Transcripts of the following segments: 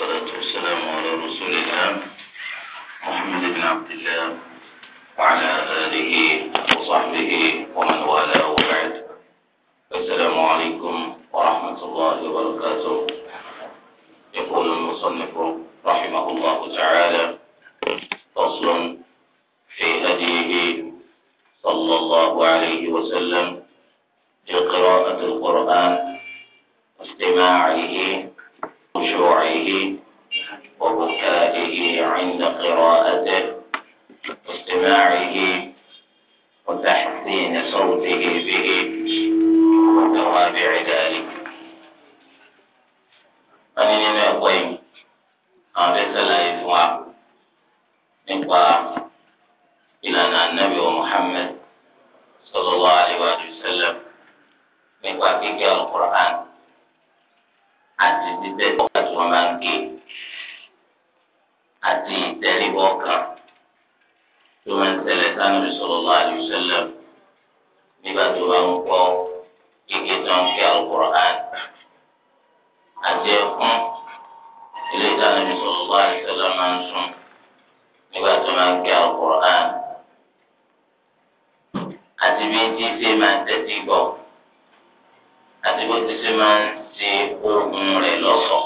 والصلاة والسلام على رسول الله محمد بن عبد الله وعلى آله وصحبه ومن والاه وبعد السلام عليكم ورحمة الله وبركاته يقول المصنف رحمه الله تعالى فصل في هديه صلى الله عليه وسلم في قراءة القرآن واستماعه خشوعه وبكائه عند قراءته واستماعه وتحسين صوته به وتوابع ذلك أنا لم أقيم أنا بس لا يسمع نقوى إلى أن النبي محمد صلى الله عليه وسلم نقوى في القرآن àti bíbẹ̀ kan tí wọ́n máa ń gé àti ìtẹríbọ́ kan tó máa ń ṣẹlẹ̀ sánàbí sallallahu alaihi wasallam nígbà tó bá ń kọ́ gígé tó ń kí Al-Qur'an àti ẹkún ilé sánàbí sallallahu alaihi wasallam máa ń sùn nígbà tó máa ń kí Al-Qur'an àti bí tí ṣe máa ń tẹ́tí gbọ́ àti bó ti ṣe máa ń sí ohun rẹ̀ lọ́sọ̀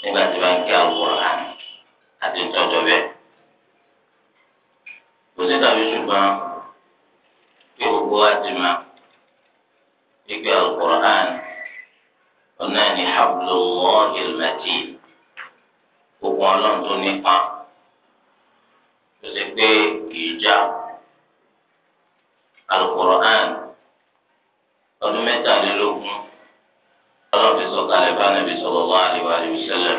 nígbà tí wọ́n ń kí Al-Qur'an àti ìtọ́jọ́ bẹ́ẹ̀. kò sí tàbí ṣùgbọ́n kí gbogbo wa ti máa gbígbé Al-Qur'an ọ̀nà ní hablullahil matin gbogbo ọlọ́run tó nípa tó ti pé kì í ọdún mẹ́tàlélógún. ọlọ́run fi sọ̀kalẹ̀ bá nàbì sallallahu alaihi wa sallam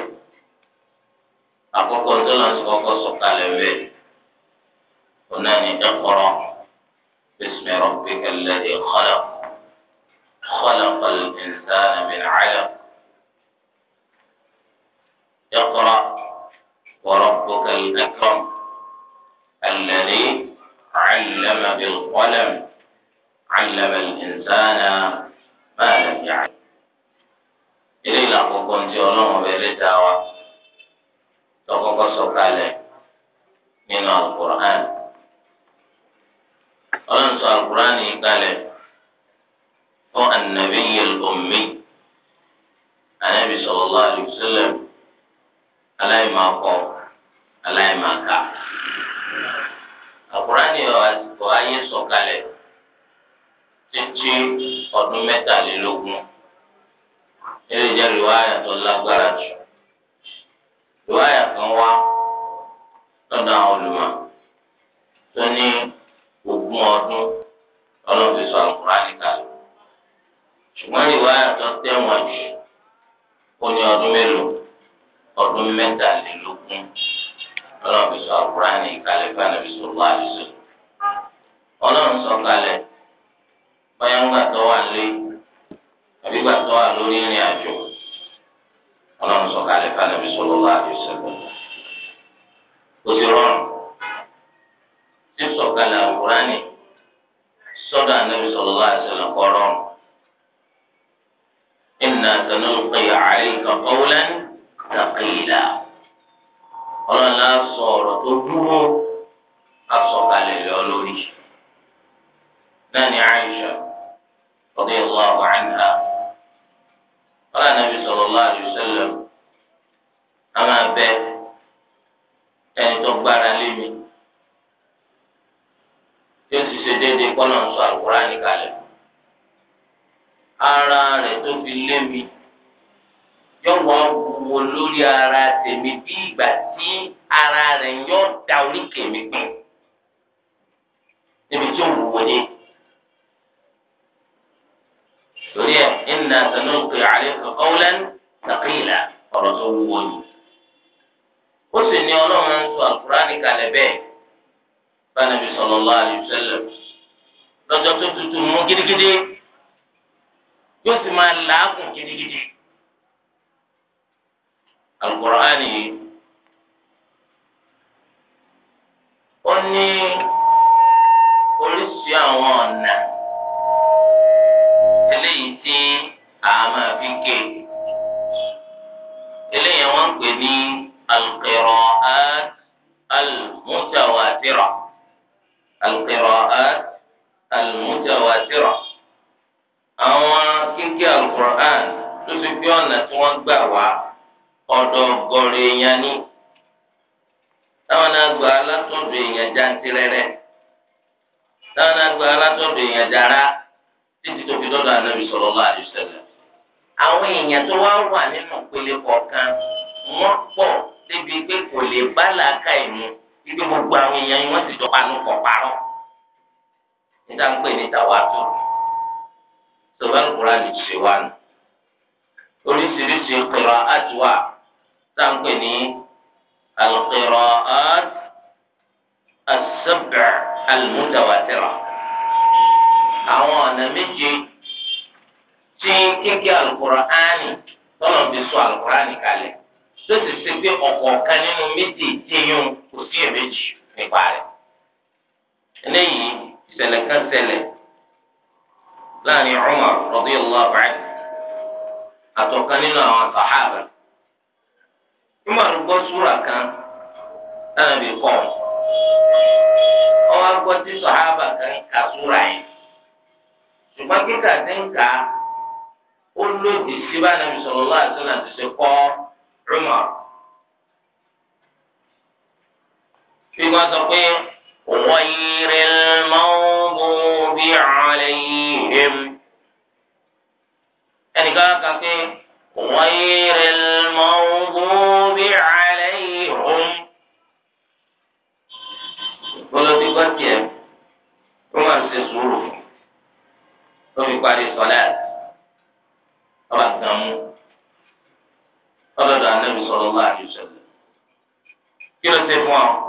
àkọ́kọ́ tó lọ́n ti kọ́kọ́ sọ̀kalẹ̀ wẹ̀ ọ̀nà ni iqra bismi rabbika alladhi khalaq khalaqal insana min 'alaq iqra wa rabbukal akram alladhi 'allama bil qalam 'allamal insana ma lam ya'lam. eléyìí lákòókò ntí ọlọ́run ọbẹ̀ lẹ́dàá wa lọ́kọ́kọ́ sọ̀kalẹ̀ nínú alukur'an ọlọ́run sọ alukur'an yìí kalẹ̀ fún anabi alukur'an yìí ayé sọ̀kalẹ̀ títí ọdún mẹ́tàlélógún. eléyìí jẹ́ riwaya tó lágbára jù riwaya kan wá lọ́dọ̀ àwọn olùmọ̀ tó ní ogún ọdún ọlọ́run ti sọ àlùkùránì kalẹ̀ ṣùgbọ́n riwaya tó tẹ̀wọ̀n jù ó ní ọdún mélòó ọdún mẹ́tàlélógún ọlọ́run fi sọ àlùkùránì kalẹ̀ fún ọlọ́run sọ báyọ̀ ń gbà tó wà lẹ́yìn àbí gbà tó wà lórí ìrìn àjò ọlọ́run sọ̀kalẹ̀ fún ànábì sallallahu alaihi wasallam ó ti rọrùn tí sọ̀kalẹ̀ àlùkùránì sọ́dọ̀ ànábì sallallahu alaihi wasallam kọ́ rọrùn. inna sanulqi alayka qawlan thaqila ọlọ́run á sọ tó dúró. táǹpẹ̀ ní tàwátò sọ̀rọ̀ ní ṣe wá nù oríṣiríṣi kọ̀rọ̀ àtiwá táǹpẹ̀ ní alùpẹ̀rọ̀ àṣẹbẹ̀ àlùmúdàwátìrà àwọn ọ̀nà méje tí kéèké Al-Qur'ani tọ́lọ̀ fi sọ Al-Qur'ani kalẹ̀ tó sì ṣe pé ọ̀kọ̀ọ̀kan nínú méjì tí yún kò sí èméjì nípa rẹ̀ eléyìí. ìṣẹ̀lẹ̀ kan ṣẹlẹ̀ láàrin Umar radiyallahu anhu àtọ̀kan nínú àwọn sàhábà Umar gbọ́ súra kan lánàbí kọ́ ọwọ́ gbọ́ tí sàhábà kan kà súra yẹn ṣùgbọ́n kíkà tí ń kà ó lòdì sí bá nàbí sallallahu alaihi غير المغضوب عليهم يعني قال غير المغضوب عليهم قلت بكي عمر سيسوره وفي بعد الصلاة طبعا تنمو قال النبي صلى الله عليه وسلم كلا سيفوان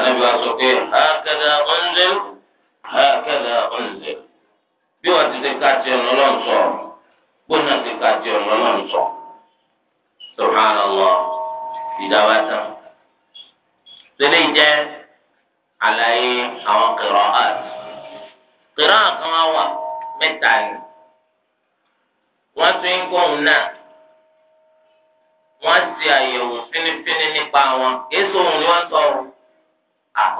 anabi wa sọ pé hakada ọ̀nzẹ̀l hakada ọ̀nzẹ̀l bí wọ́n ti ti ká ti ọ̀nà lọ́n sọ gbóná ti ká ti ọ̀nà lọ́n sọ subhanallah ìdáwà tán tẹ́lẹ̀ jẹ́ àlàyé àwọn kẹrọ àt kẹrọ àkàn wá wà mẹ́ta ni wọ́n tún ń kóhun náà wọ́n ti àyẹ̀wò fínífíní nípa wọn kí èso òun ni wọ́n sọ̀rọ̀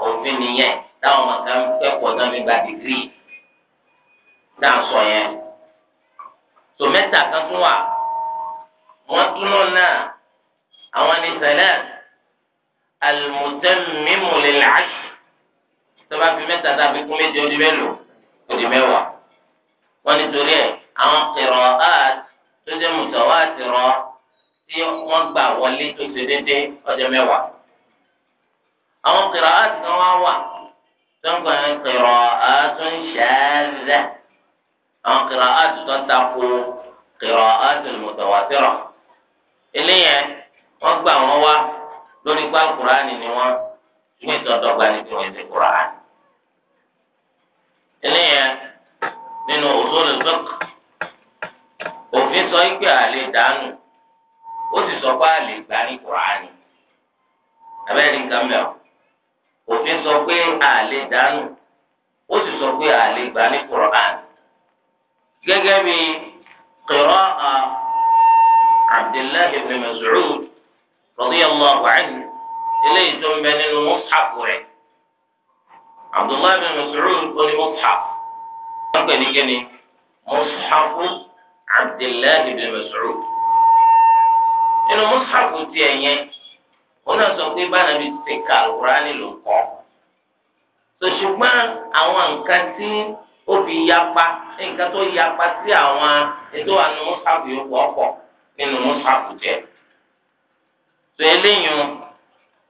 òfin nìyẹn táwọn ọmọ kan kẹ́kọ̀ọ́ náà mi gba dìgírì náà sọ yẹn tó mẹ́ta kan tún wà wọ́n túnú náà àwọn ní sẹ́lẹ̀ alùmùtẹ́mímù lè làásì tó bá fi mẹ́ta tàbí kún méje ó di mélòó mẹ́wàá wọ́n nítorí ẹ̀ àwọn kìrọ̀ áàt tó jẹ́ mùtọ̀wá àtìrọ̀ tí wọ́n gbà wọlé tó ṣe déédéé ọjọ́ mẹ́wàá. àwọn kẹrọ àti kan wá wà tó ń gbà ń kẹrọ àti ń àwọn kẹrọ àti tó takò kẹrọ àti mùtàwátìrọ eléyẹn wọ́n gbà wọn wá lórí pa kùránì ni wọ́n ní ìtọ́dọ́gba ní tí ti nínú òṣòlù sọ ikpe àlè dànù ó sì sọ pé àlè òfin sọ pé àlè dànù ó sì sọ pé àlè gbà ní Qur'an gẹ́gẹ́ bí qira'a Abdullahi ibn Mas'ud radiyallahu anhu eléyìí tó ń bẹ nínú mushaf rẹ̀ Abdullahi ibn Mas'ud ó ní mushaf wọ́n pè ní kíni wọn náà sọ pé báyìí bí ti ka alukurani ló kọ so ṣùgbọ́n àwọn nǹkan tí ó fi yapa nǹkan tó yapa sí àwọn ètò àánú mùsàfù yóò pọ̀ pọ̀ nínú mùsàfù jẹ́ so eléyìí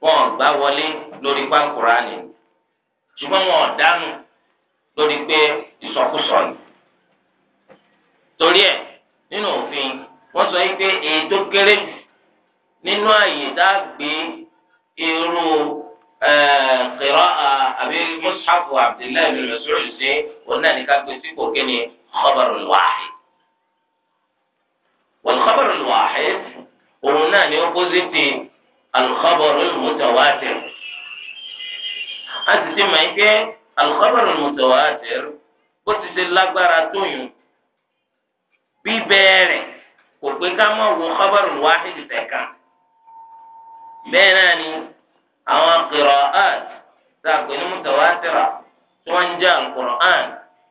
wọn gbá wọlé lórí pàǹkùránì ṣùgbọ́n wọn dánù lórí pé ìsọkúsọ ni torí ẹ̀ nínú òfin wọ́n sọ yìí pé èyí tó kéré jù nínú àyè tá a gbé irú kìrọ́ àbí mùsàfù abdullahi bin mas'ud ṣe wọn náà ní ká gbé sípò kíni khabarul wahid wal khabarul wahid òun náà ní opposite al khabarul mutawatir a sì ti mọ̀ pé al khabarul bó ti ṣe lágbára tóyún bíbẹ́ẹ̀rẹ̀ kò pé ká mọ̀ wo khabarul wahid tẹ̀ka. bẹ́ẹ̀ náà ni àwọn qira'at sàpè ní mutawatira tí wọ́n ń jẹ́ al-Qur'an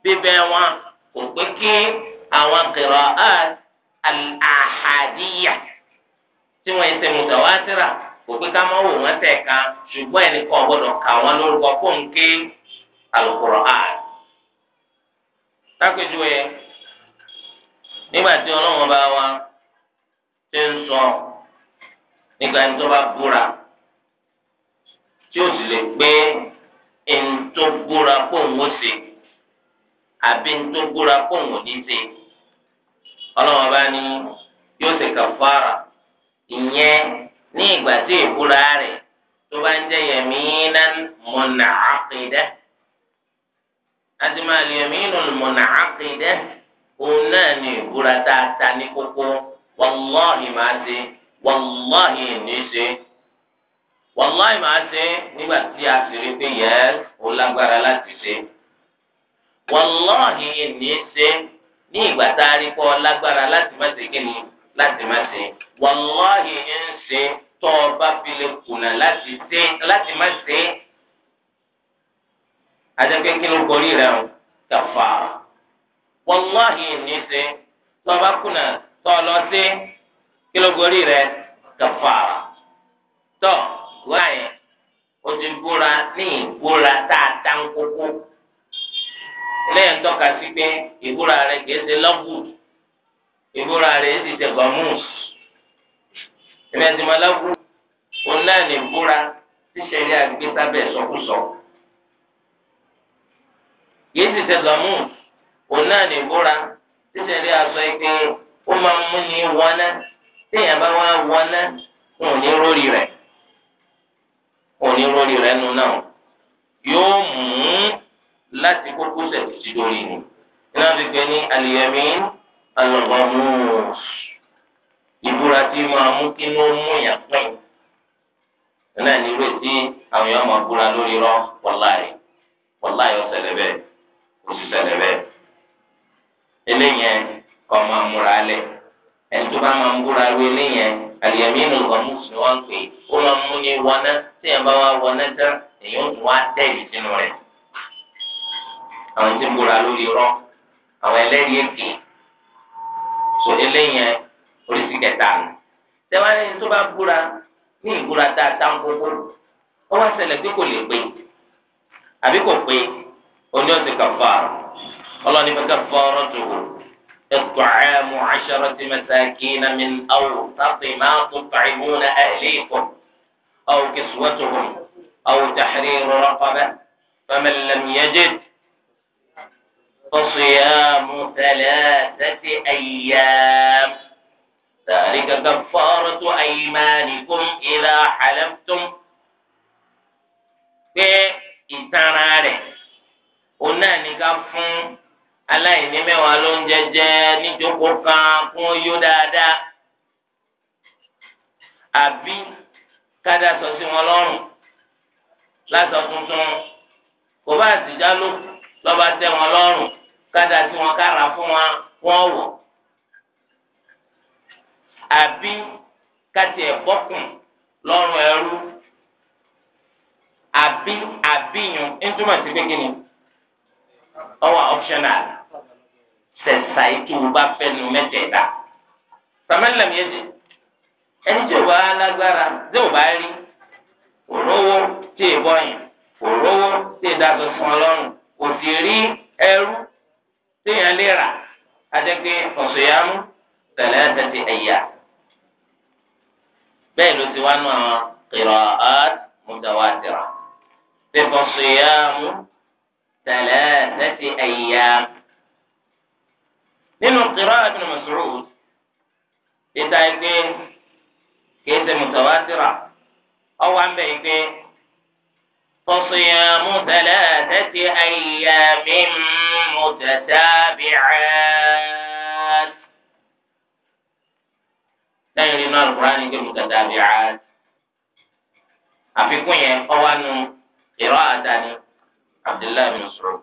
bíbẹ́ wọn kò pé kí àwọn qira'at al-ahadiyya tí wọ́n ń ṣe mutawatira kò pé ká má wò wọ́n tẹ̀ ká ṣùgbọ́n ẹnìkan gbọ́dọ̀ kà wọ́n lórúkọ nígbà tí ọlọ́run bá wa ṣe ń nípa ẹni tó bá búra tí ó sì lè pé ẹni tó búra kó ń àbí ẹni tó kó ń wò ọlọ́wọ́n bá ní yóò ṣe fara ìyẹn ní ìgbà tí ìgbúra rẹ̀ tó bá ń jẹ́ yẹ̀mínà mọ̀nà láti máa lè mọ̀nà òun náà ní ìbúra tá a wàláhì ní í ṣe wàláhì máa ṣe nígbà tí a sì rí pé yẹ ó lágbára láti ṣe wàláhì ní í ṣe ní ìgbà tá a rí pé ó lágbára láti má ṣe kíni láti má ṣe wàláhì ń ṣe tó o bá fi lè kùnà láti ṣe láti má ṣe àjẹpẹ́ kí ló borí rẹ̀ o kàfà wàláhì ní í ṣe tó o bá kùnà tó o lọ ṣe kí ló gorí rẹ kàfàrà tọ wáyé o ti búra ní ìbúra tá a dá ń kókó lẹ́yìn tọ́ka sí pé ìbúra rẹ kìí ṣe lọ́bù ìbúra rẹ sì ṣe gbọ̀mùs ìrẹsìmọ̀ lọ́bù òun náà ní ìbúra ṣíṣe ní agbègbè sábẹ́ sọkúsọ kìí sì ṣe gbọ̀mùs òun náà ní ìbúra ṣíṣe ní aṣọ ìpín ó máa ń mú ní téèyàn bá wá wọná wọn ò ní rórí rẹ̀ wọn ò ní rórí rẹ̀ nu náà yóò mú láti kókó sẹ̀tì sí lórí ni iná fi gbé ní àlìyẹmí alọ́gbọ́mùs ìbúra tí máa mú kí ló mú yàn pín náà ní ìwé tí àwọn èèyàn máa búra lórí rọ wàláì wàláì ó bẹ́ẹ̀ ó sì ṣẹlẹ̀ bẹ́ẹ̀ eléyẹn kọ́ máa múra lẹ̀. ẹni tó bá máa ń búra ru eléyẹn àlìyàmínú ọ̀mùs ni wọ́n ń pè ó máa ń mú ní wọná tí èèyàn bá wá wọná tán ó wá tẹ̀lé sínú rẹ̀. àwọn rọ àwọn ẹlẹ́rìí èké so eléyẹn oríṣi kẹta nù. tẹ́wọ́n tó bá búra ní ìbúra tá a tán kókó ó wá ṣẹlẹ̀ pé kò lè pé àbí kò pé oní ọ̀sẹ̀ ọlọ́ni الطعام عشرة مساكين من أوسط ما تطعمون أهليكم أو كسوتهم أو تحرير رقبة فمن لم يجد فصيام ثلاثة أيام ذلك كفارة أيمانكم إذا حلفتم في عليه قلنا نقف aláìní mẹ́wàá ló ń jẹjẹ níjókòó kan kún yó dáadáa àbí kádà sọ sí wọn lọ́rùn lásọ tuntun kò bá àtijọ́ ló lọ́ba tẹ wọn lọ́rùn kádà tí wọn kára fún wọn wọ́n wọ̀ àbí kátì ẹ̀ lọ́rùn ẹrú àbí àbíyùn ntúmọ̀ sí pé kí ni ọwọ́ optional sẹ̀sà ètò bá fẹ́ nu mẹ́tẹ̀ẹ̀ta. sàmẹ́lẹ̀ mi yéjì ẹni tí o bá lágbára tí o bá rí òróró tí ì bọ́yìn òróró tí ì dàgbẹ́ fún ọlọ́run kò sì rí ẹrú tí yẹn lè rà adẹ́gbẹ́ ọ̀sọ̀yàmú tẹ̀lé tẹ̀tì ẹ̀yà. bẹ́ẹ̀ ló ti wá nù àwọn qira'at mutawatira. tẹ̀fọ̀sọ̀yàmú tẹ̀lé tẹ̀tì ẹ̀yà. nínú qira'a Ibn Mas'ud títa ẹgbẹ́ kìí ṣe mutawatira ọwọ́ àmbẹ̀ ẹgbẹ́ fasiyamu thalathati ayyamin mutatabi'at lẹ́yìn nínú Al-Qur'ani ní pé mutatabi'at àfikún yẹn ọwọ́ àánú qira'a àdáni Abdullahi bin Mas'ud.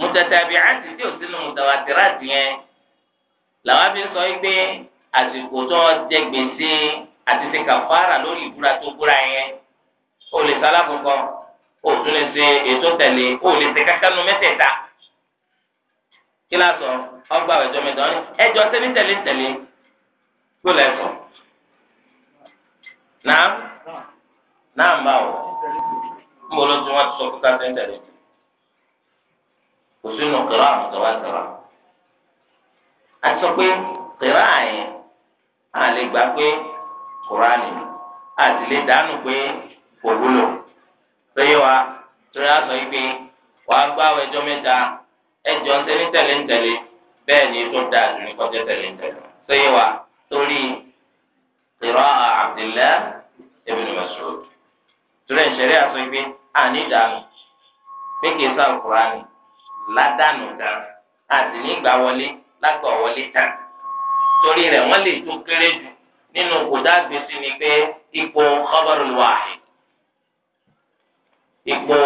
mutatabi'ati tí ò sínú mutawatirati yẹn làwọn fi sọ yìí pé àsìkò tó jẹ gbèsè àti ti kàfàrà lórí ìbúra tó búra yẹn ó lè sálá kankan o tún lè ṣe ètò tẹ̀lé o lè ṣe kákánú mẹ́tẹ̀ẹ̀ta kí lásọ ọgbà ẹjọ mẹ́ta ọni ẹjọ sẹbi tẹ̀lé tẹ̀lé kó lẹsọ náà náà ń bá wọ ń bọ lọ tí wọn sọ fún ká sẹbi tẹ̀lé kò sínú kẹrọ àmùtọwátọrọ àti sọ pé kẹrọ àyẹn a lè gbà pé kùránì àti lè dánù pé kò wúlò péye wa torí a sọ pé wàá gbá ẹjọ mẹ́ta ẹjọ ntẹni tẹlẹ ntẹlẹ bẹ́ẹ̀ ni tó da àdùnní kọjá tẹlẹ ntẹlẹ péye wa torí kẹrọ Abdullah ibn Mas'ud torí ìṣẹ̀lẹ̀ àti sọ pé àní dànù pé kìí sá kùránì ládànù tán àti nígbà wọlé lágbà wọlé tán torí rẹ̀ wọ́n lè tó kéré jù nínú kòdà gbèsè ni pé ipò khabarul wahid ipò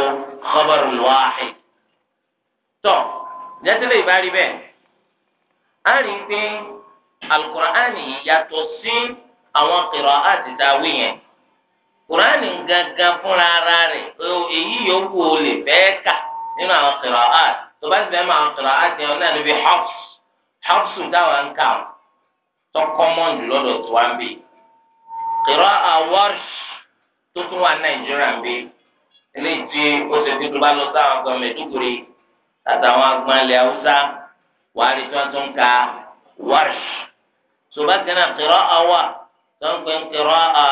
khabarul wahid tọ́ jẹ́tẹ́lẹ̀ ìbárí bẹ́ẹ̀ á rí i pé alukur'ani yàtọ̀ sí àwọn qira'ati dáwé yẹn kùránì gangan fúnra ara rẹ̀ èyí yòówù ó lè kà nínú àwọn qira'ati tó bá ti dẹ́ máa kọ̀rọ̀ àti ẹ̀ náà níbi hafs hafs táwọn ń kà tó kọ́mọ́n lọ́dọ̀ tó wá ń bì kìrọ̀ àwọ̀rì tó tún wà nàìjíríà ń bì eléyìí tí ó ṣe fi tó bá lọ sáwọn agbọn mẹ́tòkùrì àtàwọn agbọn ilẹ̀ haúsá wàá rí tí wọ́n tún ka wọ́rì tó ti náà kìrọ̀ àwọ̀ tó ń pè ń kìrọ̀ à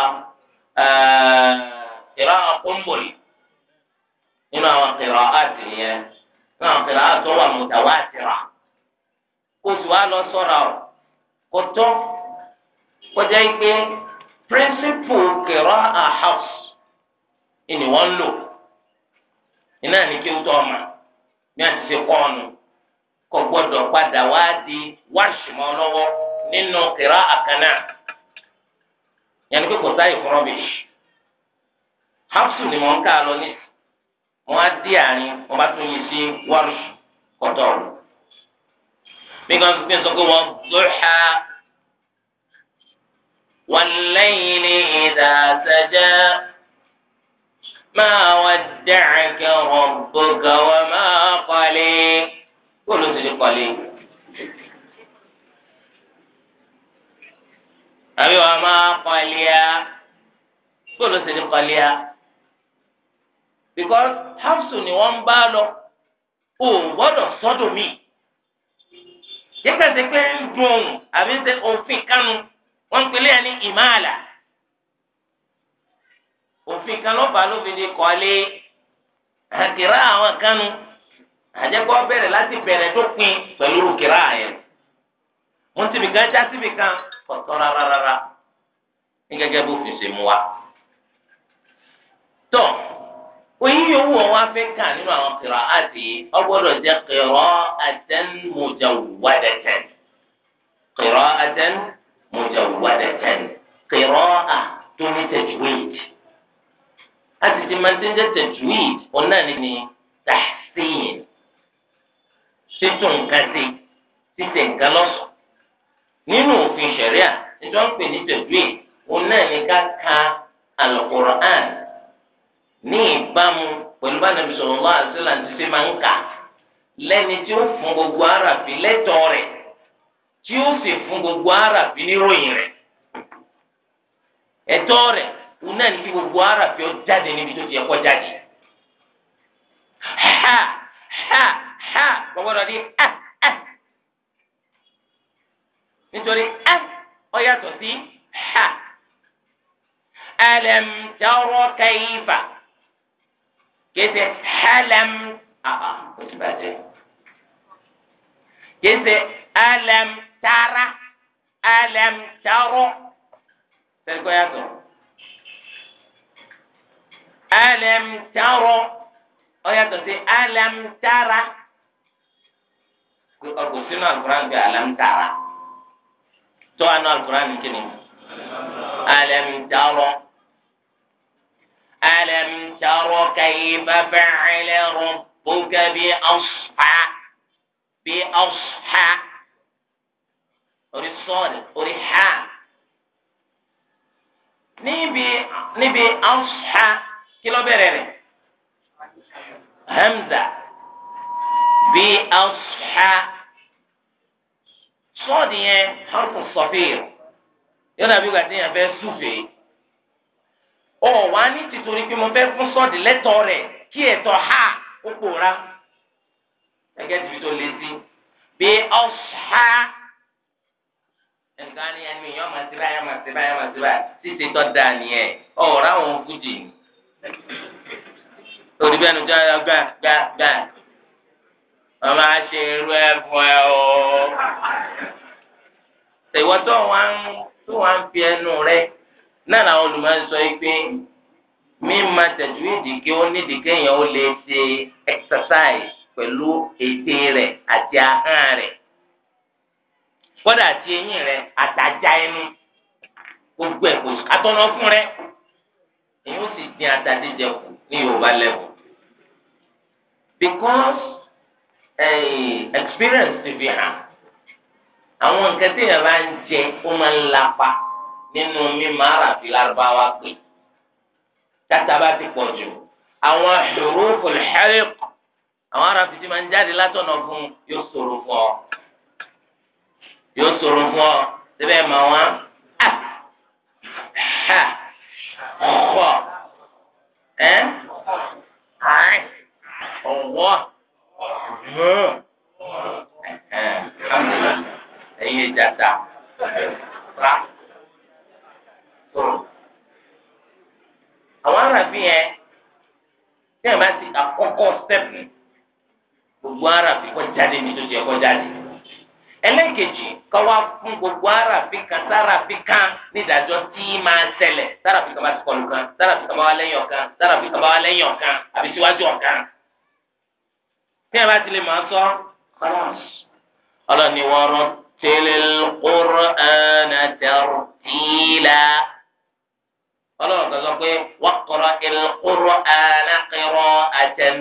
kìrọ̀ àkúmbòlì nínú àwọn kìrọ̀ àti nìyẹn. náà fẹ̀rẹ̀ àtọ́ wà mùtàwátìrà kó sì lọ sọ́ra ọ̀ kó tọ́ kọjá pé píríncípù kẹrọ àhàf ni wọ́n lò iná ní kí n tọ́ ọmọ bí a ti ṣe kọ́ ọ̀nù kò gbọ́dọ̀ padà wá di lọ́wọ́ nínú kẹrọ àkànnà yẹn ni pé kò wọn á dé àárín wọn bá tún yí sí wárùsù kọtọ mi kan fi sọ pé wọn dùhà wọn lẹ́yìn ní ìdá sẹjẹ máa wà dẹ́ẹ̀kẹ́ wọn gbọ́gà wọn máa kọ́lé kó ló ti di kọ́lé. àbí wọn máa kọ́lé a kó ló ti di kọ́lé a because hafsu ni wọ́n ń bá lọ o gbọ́dọ̀ sọ́dọ̀ mi yẹ́pẹ̀sẹ̀ pé ń dun ohun àbí ṣe òfin kanu wọ́n ń pelé ẹni ìmáàlà òfin kan lọ́ba ló fi di kọ́lé àkìrá àwọn kanu àjẹkọ́ bẹ̀rẹ̀ láti bẹ̀rẹ̀ tó pin pẹ̀lú kìrá yẹn wọ́n ti bìkan já síbi kan kọ̀tọ́ rárá rárá ní gẹ́gẹ́ bó fi ṣe mú wa. tọ́ oyin yòówù ọwọ afẹ kà nínú àwọn kìrọ àti ọgbọdọ jẹ kìrọ àtẹn mọjà wàdẹtẹn kìrọ àtẹn mọjà wàdẹtẹn kìrọ à tó ní tajwid àti ti máa ti ń jẹ tajwid ọ̀nà ni tahsin títún nǹkan sí títẹ̀ nǹkan lọ́sọ̀ nínú òfin ṣẹ̀ríà ìjọ ń pè ní tajwid ọ̀nà ni ká ka al-Qur'an ní ìbámu pẹ̀lú bá nàbí sọ̀rọ̀ wá àṣìlá ti ṣe máa ń kà lẹ́ni tí ó fún gbogbo arábì lẹ́tọ̀ọ́ rẹ̀ tí ó sì fún gbogbo arábì níròyìn rẹ̀ ẹ̀tọ́ rẹ̀ òun náà ní kí gbogbo arábì ó jáde níbi tó ti ẹ̀kọ́ jáde ha ha ha gbọ́dọ̀ ní ha ha nítorí ha ó yàtọ̀ sí ha alam tara kayfa kéde hẹlẹm àbá oṣù bàjẹ́ kéde alẹm tara alẹm taro sẹ́kọ̀ yàtọ̀ alẹm taro ọ̀yàtọ̀ sí alẹm tara ọkọ̀ sínú alukur'an bí alẹm tara tọ́ àná alukur'an kìíní alẹm taro. ألم تر كيف فعل ربك بأصحى بأصحى orí sọ́ọ̀lì orí ha níbi níbi ọ̀ṣà kí ló bẹ̀rẹ̀ rẹ̀ hamza bí ọ̀ṣà sọ́ọ̀dì yẹn harfu sọ̀fìr yóò dàbí gbàtí yẹn fẹ́ súfèé ọ wá ní tìtorí pé mo fẹ́ fún sọ́ọ̀dì lẹ́tọ̀ọ́ rẹ̀ kí ẹ̀tọ́ ha ó pòórá ẹgẹ́ tìbí tó lé sí bí ọ̀ṣá nǹkan ni ẹnu èèyàn máa ti báyà máa ti báyà máa ti báyà títí tó dáa nìyẹn ọ̀rá òun gùdì lórí bẹ́ẹ̀ nìjọ́ yọ gbà gbà gbà wọ́n máa ṣe irú ẹ̀ fún ẹ o. tèwọ́tọ̀ wọn tó wọn fi ẹnu rẹ̀ náà làwọn olùmọ̀ọ́ yìí pé mímọ̀ tajwid kí ó nídìí kéèyàn ó lè ṣe exercise pẹ̀lú ètè rẹ̀ àti ahọ́n rẹ̀ kódà àti eyín rẹ̀ àtàjà ẹnu gbogbo ẹ̀ kò atọ́nà fún rẹ̀ èyí ó sì dín àtàdéjẹ kù ní Yorùbá level because eh, experience ti fi hàn àwọn nǹkan téèyàn bá ń jẹ ó máa ń lapa nínú mímọ àràfi lárúbáwá pé tata bá ti pọ̀ jù àwọn huruful halq àwọn àràfi tí máa ń jáde látọ̀nà fún yóò ṣòro fún ọ yóò ṣòro fún ọ síbẹ̀ mọ̀ wọ́n a ah, ha ọ̀wọ́ ẹ́ àì ọ̀wọ́ ẹ̀yin ìjàta ra àwọn arábí yẹn tí ẹ bá ti àkọ́kọ́ stẹ́pù gbogbo arábí kọ́ jáde ní tó jẹ kọ́ jáde ẹlẹ́kejì káwá fún gbogbo arábí kan sárábí kan nídàájọ́ tí máa ṣẹlẹ̀ sárábí kan bá ti kọlu kan sárábí kan bá wà lẹ́yìn ọ̀kan sárábí kan bá wà lẹ́yìn ọ̀kan àbí síwájú ọ̀kan tí ẹ bá ti lè máa sọ ọlọ́ni wọ́n rọ tẹ́lẹ̀ kúrọ̀ ẹ̀ náà tẹ̀rù ọlọ́run kan sọ pé waqra al-Qur'ana qira'atan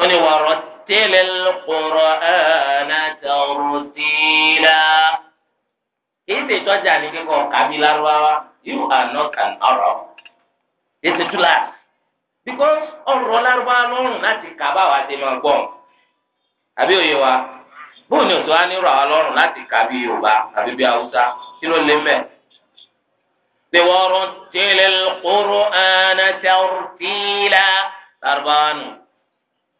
ó ní wa rattil al-Qur'ana tartila kì í ṣe ìtọ́jà ní kíkọ́ kàmí lárúbáwá you are not an Arab ètò túlá because ọ̀rọ̀ lárúbáwá lọ́rùn láti kàbá wa ti máa gbọ́n àbí òye wa bóun ni òtún á nírọ̀ àwọn lọ́rùn láti kàbí Yorùbá àbí bí Haúsá kí ló lé mẹ́ẹ̀. ورتل القرآن ترتيلا أربعان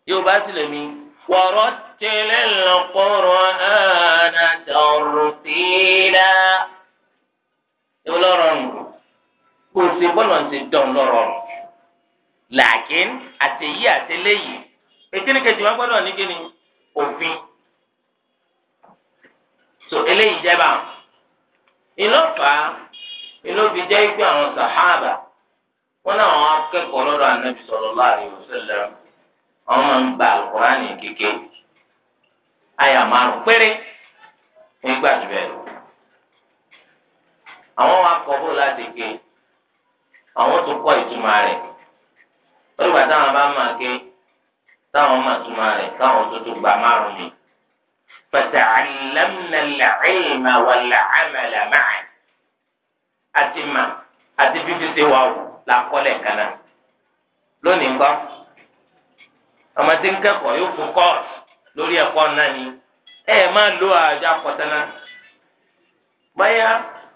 يبقى سلمي ورتل القرآن ترتيلا يقول kò sí bọ́lọ̀ ń ti dán lọ́rọ̀ làákín àtẹ̀yí àtẹlẹ́yìn etínikẹ́tì wọn gbọ́dọ̀ ní òfin so eléyìí jẹba ìlọ́fà inú fi jẹ́ pé àwọn sàhábà wọn náà wọn akẹ́kọ̀ọ́ lọ́dọ̀ ànábì wọn ń gba àlùkùránì kéke àyà márùn péré nígbà tó bẹ́ẹ̀ àwọn wa kọ́ bó láti ké àwọn tó kọ́ ìtumọ̀ rẹ̀ ó dìgbà táwọn bá máa ké táwọn máa túmọ̀ rẹ̀ táwọn tó tó gba márùn mi. فتعلمنا àti mà àti fífi ṣe wà wù làkọlẹ̀ lónìí ńkọ́ ọmọ tí ń kẹ́kọ̀ọ́ yóò fún kọ́ọ̀sì lórí ẹ̀kọ́ náà ni ẹ máa lo àjọ akọ̀tẹ́ná báyà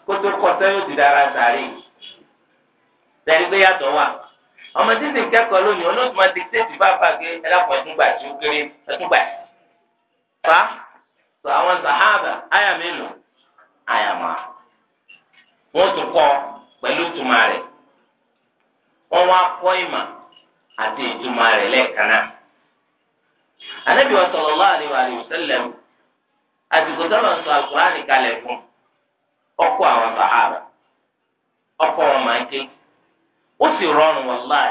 kótó kọ̀tẹ́ yóò ti dára sàárè sẹ́ni pé yàtọ̀ wà ti kẹ́kọ̀ọ́ lónìí olóòtú máa ti bá tí ó wọ́n kọ kọ́ pẹ̀lú ìtumọ̀ rẹ̀ wọ́n wá kọ́ ìmọ̀ àti ìtumọ̀ rẹ̀ lẹ́ẹ̀kan náà. wa sallallahu alaihi wa sallam sọ àkùránì kalẹ̀ fún ọkọ àwọn sàhábà ọkọ wọn máa ń ké ó sì rọrùn wàláì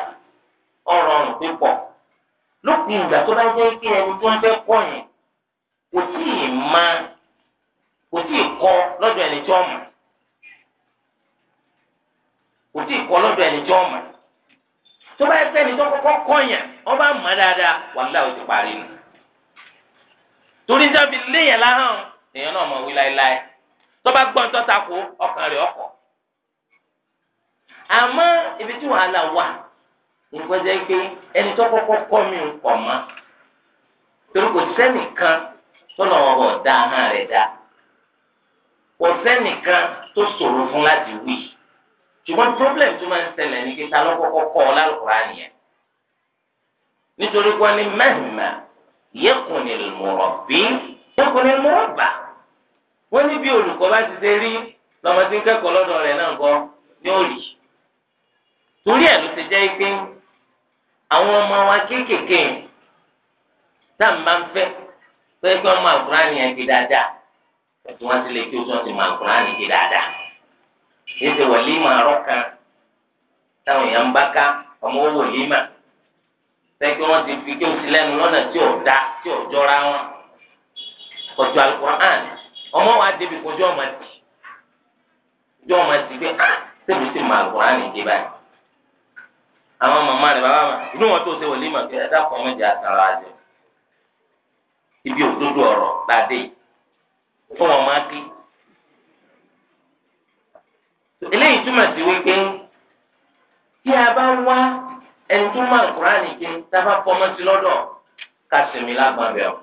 ó rọrùn pípọ̀ lópin ìgbà tó kò tí ì kọ́ lọ́dọ̀ ẹni tí wọ́n mọ̀ tó bá yẹ pé ẹni tó kọ́kọ́ kọ́yàn wọ́n bá mọ̀ dáadáa wàhálà ò ti parí nù torí sábì léèyàn láhàn èèyàn náà mọ̀ wí láéláé tó bá gbọ́n tó ta kó ọkàn rẹ̀ ọkọ̀ àmọ́ ibi tí wàhálà wà nǹkan jẹ́ pé ẹni tó kọ́ mi ń pọ̀ mọ́ torí kò sẹ́nìkan tó lọ́wọ́ bọ̀ dá rẹ̀ dá kò sẹ́nìkan tó ṣòro fún láti wí ṣùgbọ́n problem tó máa ń ṣẹlẹ̀ ní kíta lọ́kọ́kọ́ kọ́ ọ lálùkùrá nìyẹn nítorí wọn ni mẹ́hìnmá yẹkùn ìmọ̀rọ̀bí yẹkùn ìmọ̀rọ̀bà wọn ní bí olùkọ́ bá ti ṣe rí lọ́mọ tí ń kẹ́kọ̀ọ́ lọ́dọ̀ rẹ̀ náà kọ́ ní òòlì torí ẹ̀ ló ti jẹ́ pé àwọn ọmọ wa kéékèèké tá à ń bá ń fẹ́ pé kí wọ́n máa kúránì kì í ṣe táwọn èèyàn bá ká ọmọ owó wàlímà sẹ́kẹ́ wọ́n ti fi kí o ti lẹ́nu lọ́nà tí da tí o jọra wọn kọjú alukur'an ọmọ wa débi kojú ọmọ ti kojú ọmọ ti gbé a sẹ́bi ti mọ alukur'an yìí báyìí àwọn màmá rẹ ma inú wọn tó ṣe ẹ ọmọ àtàrà ibi òdodo ọ̀rọ̀ fún eléyìí túmọ̀ sí wípé tí a bá wá ẹni tó máa ń kúránì ké tá a bá fọmọ sí lọ́dọ̀ ká sinmi lágbọ́n bẹ́ẹ̀ o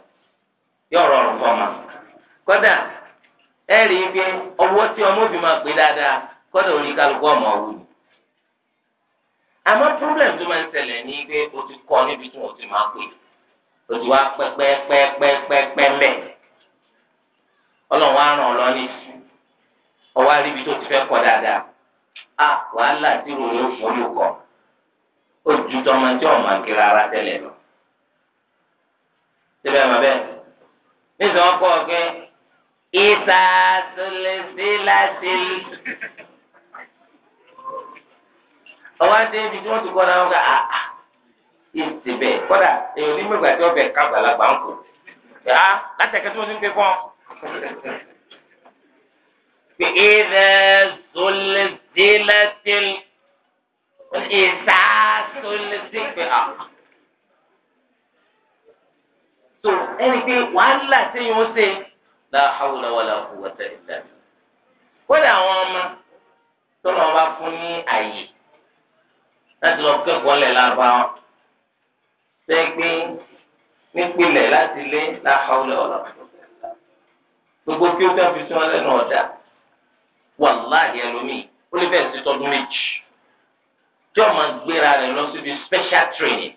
yóò rọrùn fọmọ. kódà ẹ rí i pé ọwọ́ tí ọmọ òbí máa gbé dáadáa kódà orí kálukú ọmọ wù ú. àmọ́ pírọ́blẹ̀mù tó máa ń ṣẹlẹ̀ ní pé o ti kọ́ níbi tí wọ́n ti máa pè o ti wá pẹ́pẹ́pẹ́pẹ́pẹ́ mẹ́ ọlọ́run á ràn ọ́ lọ ọwọ́ àríbi tó ti fẹ́ kọ́ dáadáa a wàhálà tí ròyìn òfin yóò kọ́ ó ju tọmọdé ọ̀mà kiri ara tẹ́lẹ̀ lọ. síbẹ̀ mọ́ bẹ́ẹ̀ nígbà wọn kọ́ ọ pé ìta tòlẹ́sí láti lù. ọwọ́ àti ibi tí wọ́n ti kọ́ náà wọ́n kà á ah, ìsìbẹ̀ ah, kọ́dà èyí onímọ̀gbà tí wọ́n bẹ̀ ká gbàlagbà ń kù. Ah, látẹ̀kẹ́ tí wọ́n ti ń pe fún ọ. فإذا زلزلت ال... إذا زلزلت so ẹni pé wàhálà sẹ́yìn ó ṣe la hawla wala quwwata illa billah kódà àwọn ọmọ tó lọ́ bá fún ní àyè láti lọ kẹ́kọ̀ọ́ lẹ̀ lába wọn ṣe pé nípìnlẹ̀ láti lé la hawla wala quwwata gbogbo kí ó fẹ́ fi sún ọ lẹ́nu ọ̀dà wàláhì ẹlòmíì ó lè fẹ́ẹ̀ sí tọdún méjì tí ó máa gbéra rẹ̀ lọ síbi special training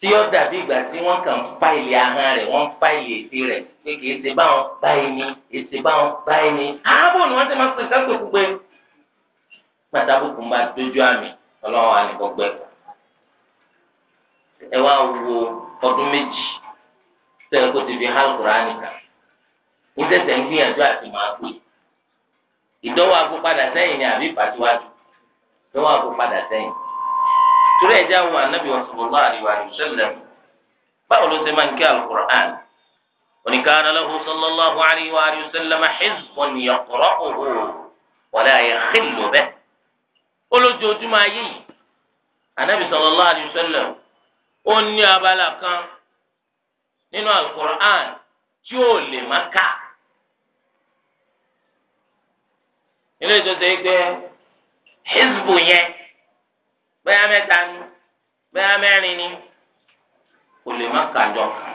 tí ó dàbí ìgbà tí wọ́n kàn ń fa ilé ahọ́n rẹ̀ wọ́n ń fa ilé ètè rẹ̀ pé kì í ṣe báwọn báyìí ni ètè báwọn báyìí ni ààbò ni wọ́n ti máa pèsè àgbè púpẹ́ pátákùkù máa dójú àmì ọlọ́run àníkọ́gbẹ́ ẹ wá wo ọdún méjì tẹ́lẹ̀ kó ti fi hàlùkùrá nìkan. ó tẹ̀sẹ̀ ń gbìyànjú àti máa pè ìdánwò àgbo padà sẹ́yìn ni àbí ìfàsíwájú ìdánwò àgbo padà sẹ́yìn torí ẹ̀jẹ̀ àwọn anábì sallallahu alaihi wa sallam báwo ló ṣe máa ń kí alukur'an oníkàánà lahu sallallahu alaihi wa sallam hizbun yaqra'uhu wa la yakhillu ayé kan ó ilé ìjọsẹ gbé hizbu yẹn bẹ́ẹ̀ mẹ́ta ni bẹ́ẹ̀ mẹ́rin ni kò lè má kájọ kan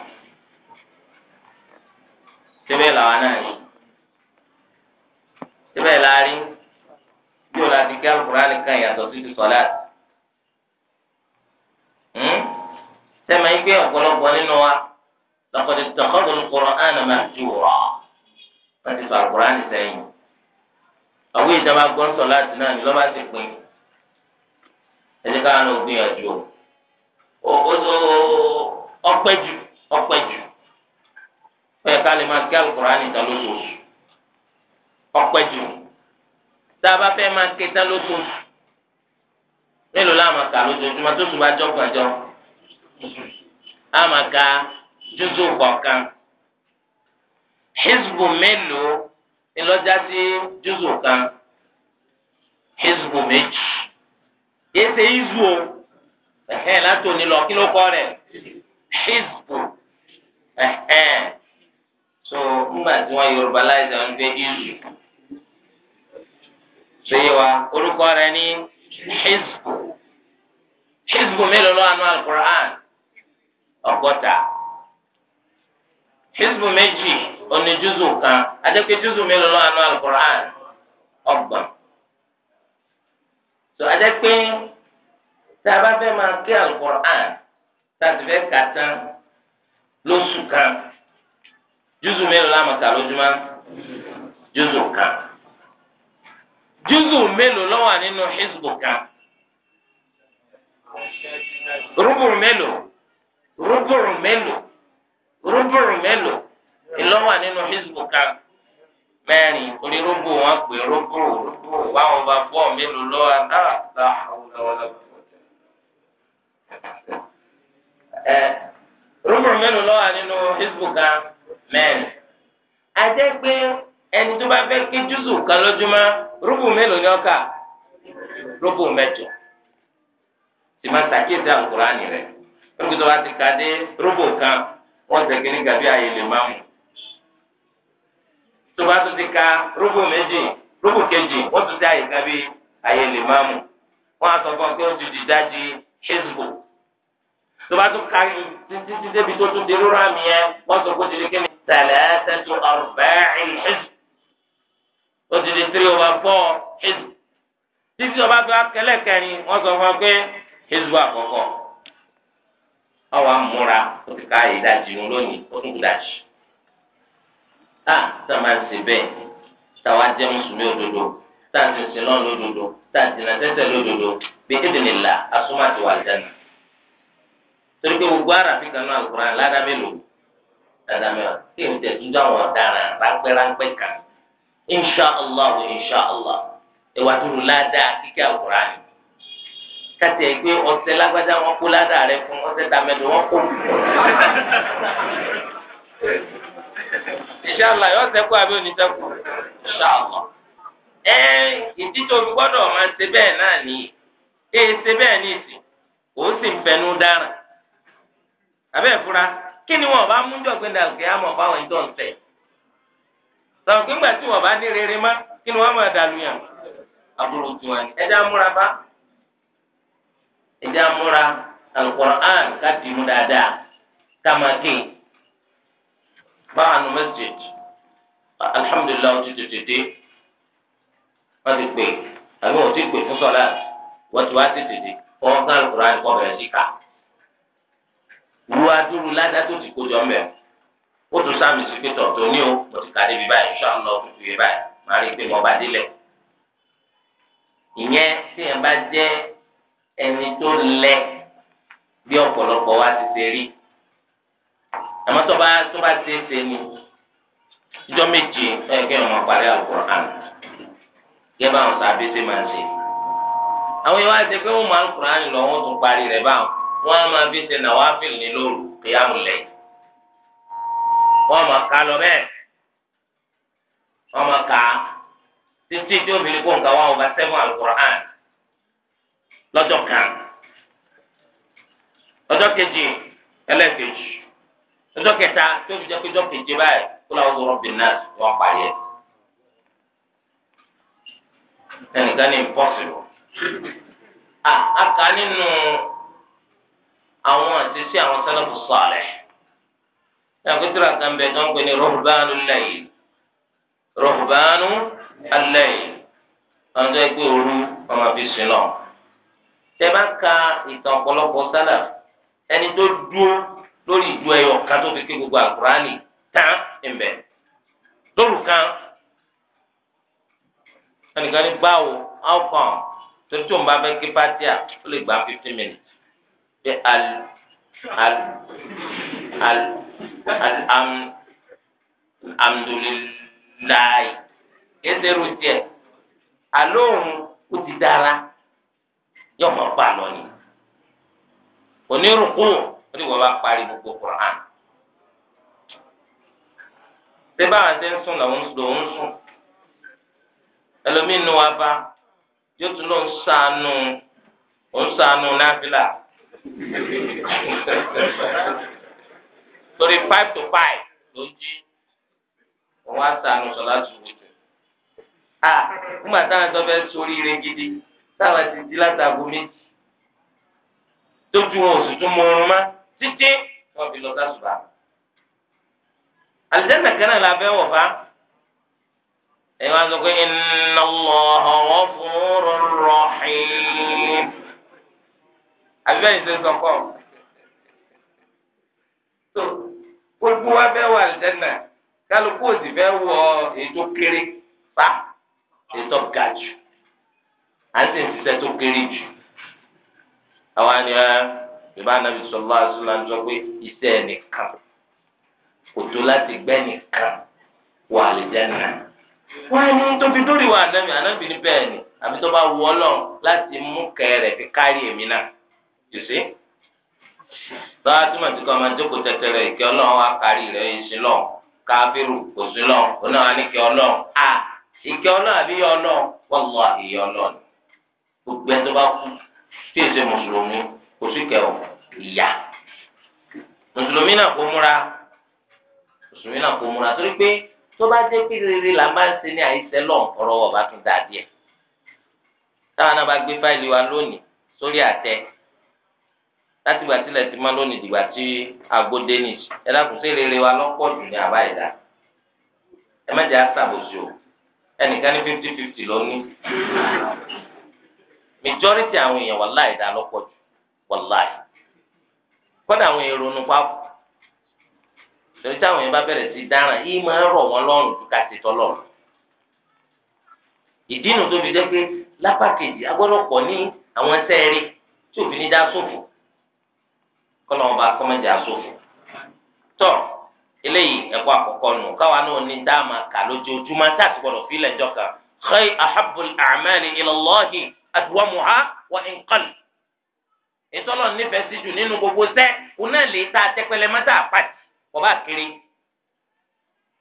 síbẹ̀ làwọn náà rí síbẹ̀ la rí bí o láti kí alukóra nìkan yàtọ̀ sí ti sọ̀lá hmm? sẹ́mi ayé gbé ọ̀pọ̀lọpọ̀ nínú wa lọ́kọ̀dé tọ̀kọ́dún kúrọ̀ ánà máa ju rọ̀ wọ́n ti sọ alukóra nìkan yìí àwọn ìjọba gbọ́nsọ̀ láti náà ni lọ́ba ti pín ẹni ká ló gbìyànjú o ọpẹ́ jù ọpẹ́ jù bẹ́ẹ̀ ká lè máa kí alukóran nìkan lóṣooṣù ọpẹ́ jù tá a bá fẹ́ máa ké tán lóṣooṣù mélòó la máa kà lójoojúmọ́ tó tún bá jọ́ gbàjọ́ a máa kọ̀ọ̀kan hizbu mélòó ńlọ́jà sí júzù kan hizbu méjì yéé ṣe hizbu o ẹ̀hẹ́n láti òní lọ kí ló kọ́ rẹ̀ hizbu ẹ̀hẹ́n so ńgbà tí wọ́n yorùbá láìsẹ̀ wọn gbé hizbu so yé wa orúkọ rẹ̀ ní hizbu hizbu mélòó ló wà nínú alukur'an ọgọ́ta hizbu méjì. Onye júzù kan adeke júzù melo lọ́wọ́ àánú alukur'an ọgbọ̀n so a bá fẹ́ máa ké alukur'an tá a lóṣù kan júzù melo la máa kà lójúmọ́ kan. kan melo mélòó lọ́wọ́ nínú hizbu kan rúbùrù melo. rúbùrù melo. rúbùrù melo. ìlọ́wà nínú hizbu mẹ́rin orí wọn pè rógbò rógbò báwọn bá bọ́ mélòó lọ́wọ́ àtàràtà ẹ rógbò mélòó lọ́wọ́ nínú hizbu mẹ́rin. ajẹ́ pé ẹni tó bá fẹ́ kí jùzù kan lójúmọ́ rógbò mélòó ni ọkà rógbò mẹ́jọ tí máa tàkìtì rẹ̀ tó bá ti kàdé rógbò kan wọ́n tẹ̀ kí gàbí lè máa mú. tó bá tún ti ka rúbù méjì rúbù kejì wọ́n tún ti àyè kan bí àyè lè máa mú wọ́n á sọ fún ọ pé ó ti di dájú hezbo tó bá tún ka títí débi tó tún di rúra mi yẹn wọ́n sọ pé ó ti di kíni tẹ̀lẹ́tẹ̀tù arba'in hezbo ó ti di three over four hezbo títí ọba tó akẹlẹ̀ kẹrin wọ́n sọ fún ọ pé hezbo àkọ́kọ́ ọwọ́ amúra ó ti ka àyè dájú lónìí ó tún dájú a ah, tá a máa ṣe bẹ́ẹ̀ táwa jẹ́ mùsùlùmí òdodo tá a ti sin lọ́n lódodo tá a dìnnà tẹ́tẹ́ lódodo bí ìdìnnìlà asúmàtì wà lẹ́nu. torí pé gbogbo ara fi kan náà Al-Qur'an ládàá mélòó ládàá mélòó kí n tẹ̀ tún dáhùn ọ̀daràn ráńpẹ́ ráńpẹ́ kan insha allah wa insha allah ìwà tó lù ládàá kíkẹ́ Al-Qur'an ni ọ̀sẹ̀ lágbájá wọn kó ládàá rẹ fún ọ̀sẹ̀ tàmẹdùn wọn kó. ìṣàlà yọ sẹ́kù àbí oníṣẹ́kù ìṣàlọ. ẹ ìdíjọ mi gbọ́dọ̀ máa ṣe bẹ́ẹ̀ náà nìyí ẹ ṣe bẹ́ẹ̀ ní ìsìn òun sì ń fẹnu dáràn ìfura kí ni wọn bá mú jọ̀gbìn dàgbé báwọn ìjọ ń sọ̀rọ̀ tí wọn bá ní rere má kí ni wọn máa dàlú yàn àbúrò tí wọn múra bá ẹja múra báànù masjid alhamdulilayi wọ́n ti tètè dé wọ́n ti pè àbí wọ́n ti pè fún sọ́lá wọ́n ti wá tètè dé wọ́n ká lùkùrá nǹkan bẹ̀rẹ̀ sí ká wúwa dúró ládá tó ti kójọ mẹ́ ó tún sáàmì sí pé tọ̀tọ̀ ní o mo ti kàdé bí báyìí ṣáà ń lọ fífi yé báyìí màá rí i pé mo bá délẹ̀ ìyẹn tí yẹn bá jẹ́ ẹni tó lẹ bí ọ̀pọ̀lọpọ̀ wa ti ṣe rí àmọ́ tó bá tó bá ṣe é ṣe ni ìjọ méje ẹ̀ kí ọmọ parí alukur'an yẹ bá àwọn sábẹ́ ṣe máa ń ṣe àwọn yẹn wá ṣe pé wọ́n mọ alukur'an lọ wọ́n tún parí rẹ̀ báwọn wọ́n á máa fi ṣe nàwáfíl ní lóru kìyàmù lẹ́yìn wọ́n máa ka lọ bẹ́ẹ̀ wọ́n máa ka títí tí obìnrin kò ń ka wọ́n ọba sẹ́fún alukur'an lọ́jọ́ kan lọ́jọ́ kejì ẹlẹ́kejì ọjọ́ kẹta tó fi jẹ́ pé ọjọ́ keje báyìí kó làwọn sọ̀rọ̀ bìnnà wọn parí ẹ̀. ẹnìkan ní impossible. a kà nínú àwọn àṣìṣe àwọn sálàfù sọ̀rẹ̀ ẹ̀kútúrà kan bẹ̀ tó ń pè ní rọ̀bùbánu lẹ́yìn rọ̀bùbánu alẹ́yìn ọjọ́ ẹgbẹ́ òru ọmọ bíi sinọ́ tẹ bá ka ìtàn ọ̀pọ̀lọpọ̀ sálà ẹni tó dúró lórí ìjọ ẹyọ kan tó fi ké gbogbo àkùránì tán ẹ̀mẹ̀ lóru kan ẹnìkan ní báwo how come torí tó ń bá fẹ́ ké pátíà ó lè gba fifteen minutes ṣe al al al al am amdulilayi ẹsẹ̀ ro tiẹ̀ alóhùn ó ti dára yọ̀ọ́ mọ̀ pa lọ ni onírùkú ó ní wọ́n bá parí gbogbo Quran ṣé báwọn ṣe ń sùn lòun ń sùn ẹlòmíín nu wa bá yóò tún lòun sànù òun sànù náfìlà torí five to five ló ń jí òun á sànù sọlá tù wù à nígbà táwọn tó fẹ́ sórí rẹ gidi táwọn ti di látàgùn méjì tójú wọn ò sì tún mọ orun mọ́ títí wọn fi lọ sásùbà àlùjáde kan náà la fẹ́ wọ̀ fá ẹ wá sọ pé inna Allaha ghafurur rahim àbíbẹ́yìn tó sọ kọ́ tó gbogbo wa fẹ́ wọ àlùjáde kálukú òsì fẹ́ wọ ètò kéré fa ètò gàjù àti ìṣiṣẹ́ tó kéré jù àwọn àni ah, ìbá nàbì sọlá àṣìlá ń sọ pé iṣẹ́ ẹnìkan kò tó láti gbẹ́ nìkan wà àlùjánnà. wọ́n á ní tóbi dórí wa ànábì ànábì ní bẹ́ẹ̀ ni àbí tó bá wù ọ́ lọ láti mú kẹrẹ̀ fi kárí èmi náà you see. tọ́wá túmọ̀ sí kọ́ ọmọ jókòó tẹ̀tẹ̀rẹ̀ ìkẹ́ ọlọ́run wa kárí rẹ̀ ìṣin lọ káfíìrù kò sí lọ oná wa ní ọlọ́run a ìkẹ́ ọlọ́run àbí yọ ọlọ́run wọ́n lọ àyè ọlọ́run gbogbo ẹ tó bá kú tí èsè mùsùlùmí oṣù kẹwọ ìyá mùsùlùmí náà kò múra mùsùlùmí náà kò múra torí pé tó bá jẹ́ pé rere là máa ń ṣe ní àìsẹ́ lọ́n ọ̀rọ̀ ọ̀bá tún dáa díẹ̀ táwọn náà bá gbé fáìlì wa lónìí sórí àtẹ láti gbà sílẹ̀ ti mọ́ lónìí dìgbà tí àgbo danish ẹ dákun sí rere wa lọ́pọ̀ jù ní àbá ìdá ẹ má jẹ́ àṣàbòsí o ẹnìkan ní fifty fifty lónìí majority àwọn èèyàn wà láìdá lọ́pọ̀ jù wàláì kọ́dà àwọn èrò nu pa torí táwọn yẹn bá bẹ̀rẹ̀ sí dáràn yìí máa ń rọ̀ wọ́n lọ́rùn tó ká ti tọ́ lọ́rùn ìdí nu tó fi jẹ́ pé lápá kejì agbọ́dọ̀ pọ̀ ní àwọn sẹ́ẹ̀rì tí òfin ní dá sófò kọ́nà ọba kọ́mẹ́jà sófò tọ́ eléyìí ẹ̀kọ́ àkọ́kọ́ nù káwa náà ní dáàmà kà lójoojúmọ́ táàtì gbọ́dọ̀ fílẹ̀ jọ kan khayr ahabbul a'mali ilallahi adwamuha wa in ìtọ́lọ̀ nífẹ̀ẹ́ sí jù nínú gbogbo sẹ́ òun náà lè ta àtẹ́pẹlẹ mọ́tà àpàtì ọba kiri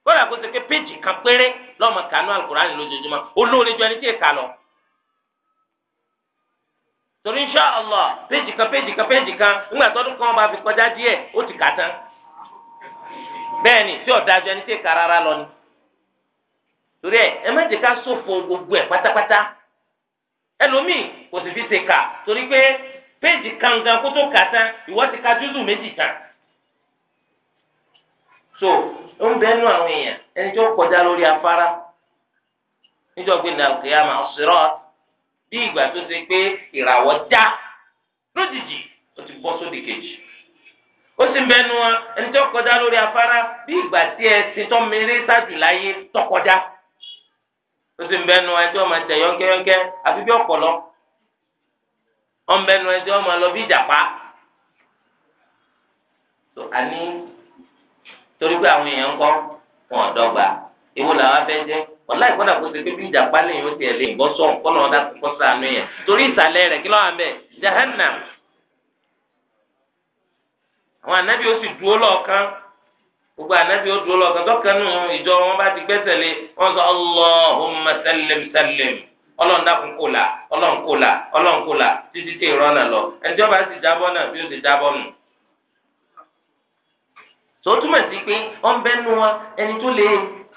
kódà kó ṣe péjì kan péré lọ́mọ kanú alukur'an lójoojúmọ́ olóore ju ẹni tí èka lọ. torí insha Allah péjì kan péjì kan péjì kan ńgbà tọ́dún kan bá fi kọjá díẹ̀ ó ti kà tán bẹ́ẹ̀ ni tí ọ̀dà ju ẹni tí èka rárá lọ ni. torí ẹ ẹ má ká gbogbo pátápátá péjì kankan kó tó kà tán ìwọ ti ka júzù méjì tán so ó ń bẹnu àwọn èèyàn ẹni tó kọjá lórí afárá níjọ́ pé nàìjíríà máa ń sọ̀rọ̀ bí ìgbà tó ṣe pé ìràwọ̀ já lójijì ó ti bọ́ sódì kejì ó sì ń bẹnu wọn ẹni tó kọjá lórí afárá bí ìgbà tí ẹ ti tọ́ mèrè sájù láyé tó kọjá ó sì ń bẹnu ẹjọ́ máa tẹ̀ yọ́nkẹ́yọ́nkẹ́ àfi bí ọ̀pọ̀lọ́ ọ̀nbẹ́nu ẹjọ́ ọmọ lọ bí ìjàpá tó àní torí pé àwọn èèyàn ń kọ́ wọn ò dọ́gba èwo làwọn abẹ́ jẹ́ wàlá ìkọ́dà kó ṣe pé bí ìjàpá lẹ́yìn ó tiẹ̀ lè bọ́ kọ́ lọ́wọ́ kọ́ sànú yẹn torí ìsàlẹ̀ rẹ̀ anabi dúró ìjọ wọn bá ti gbẹ́sẹ̀ lé ọlọ́run dákun kò là ọlọ́run kò là ọlọ́run kò là títí tẹ ìrọ́nà lọ ẹjọ́ bá ti jábọ́ náà bí ó ti jábọ́ nù. sòtúmọ̀ sí pé ó ń bẹ́nu wa ẹni tó lè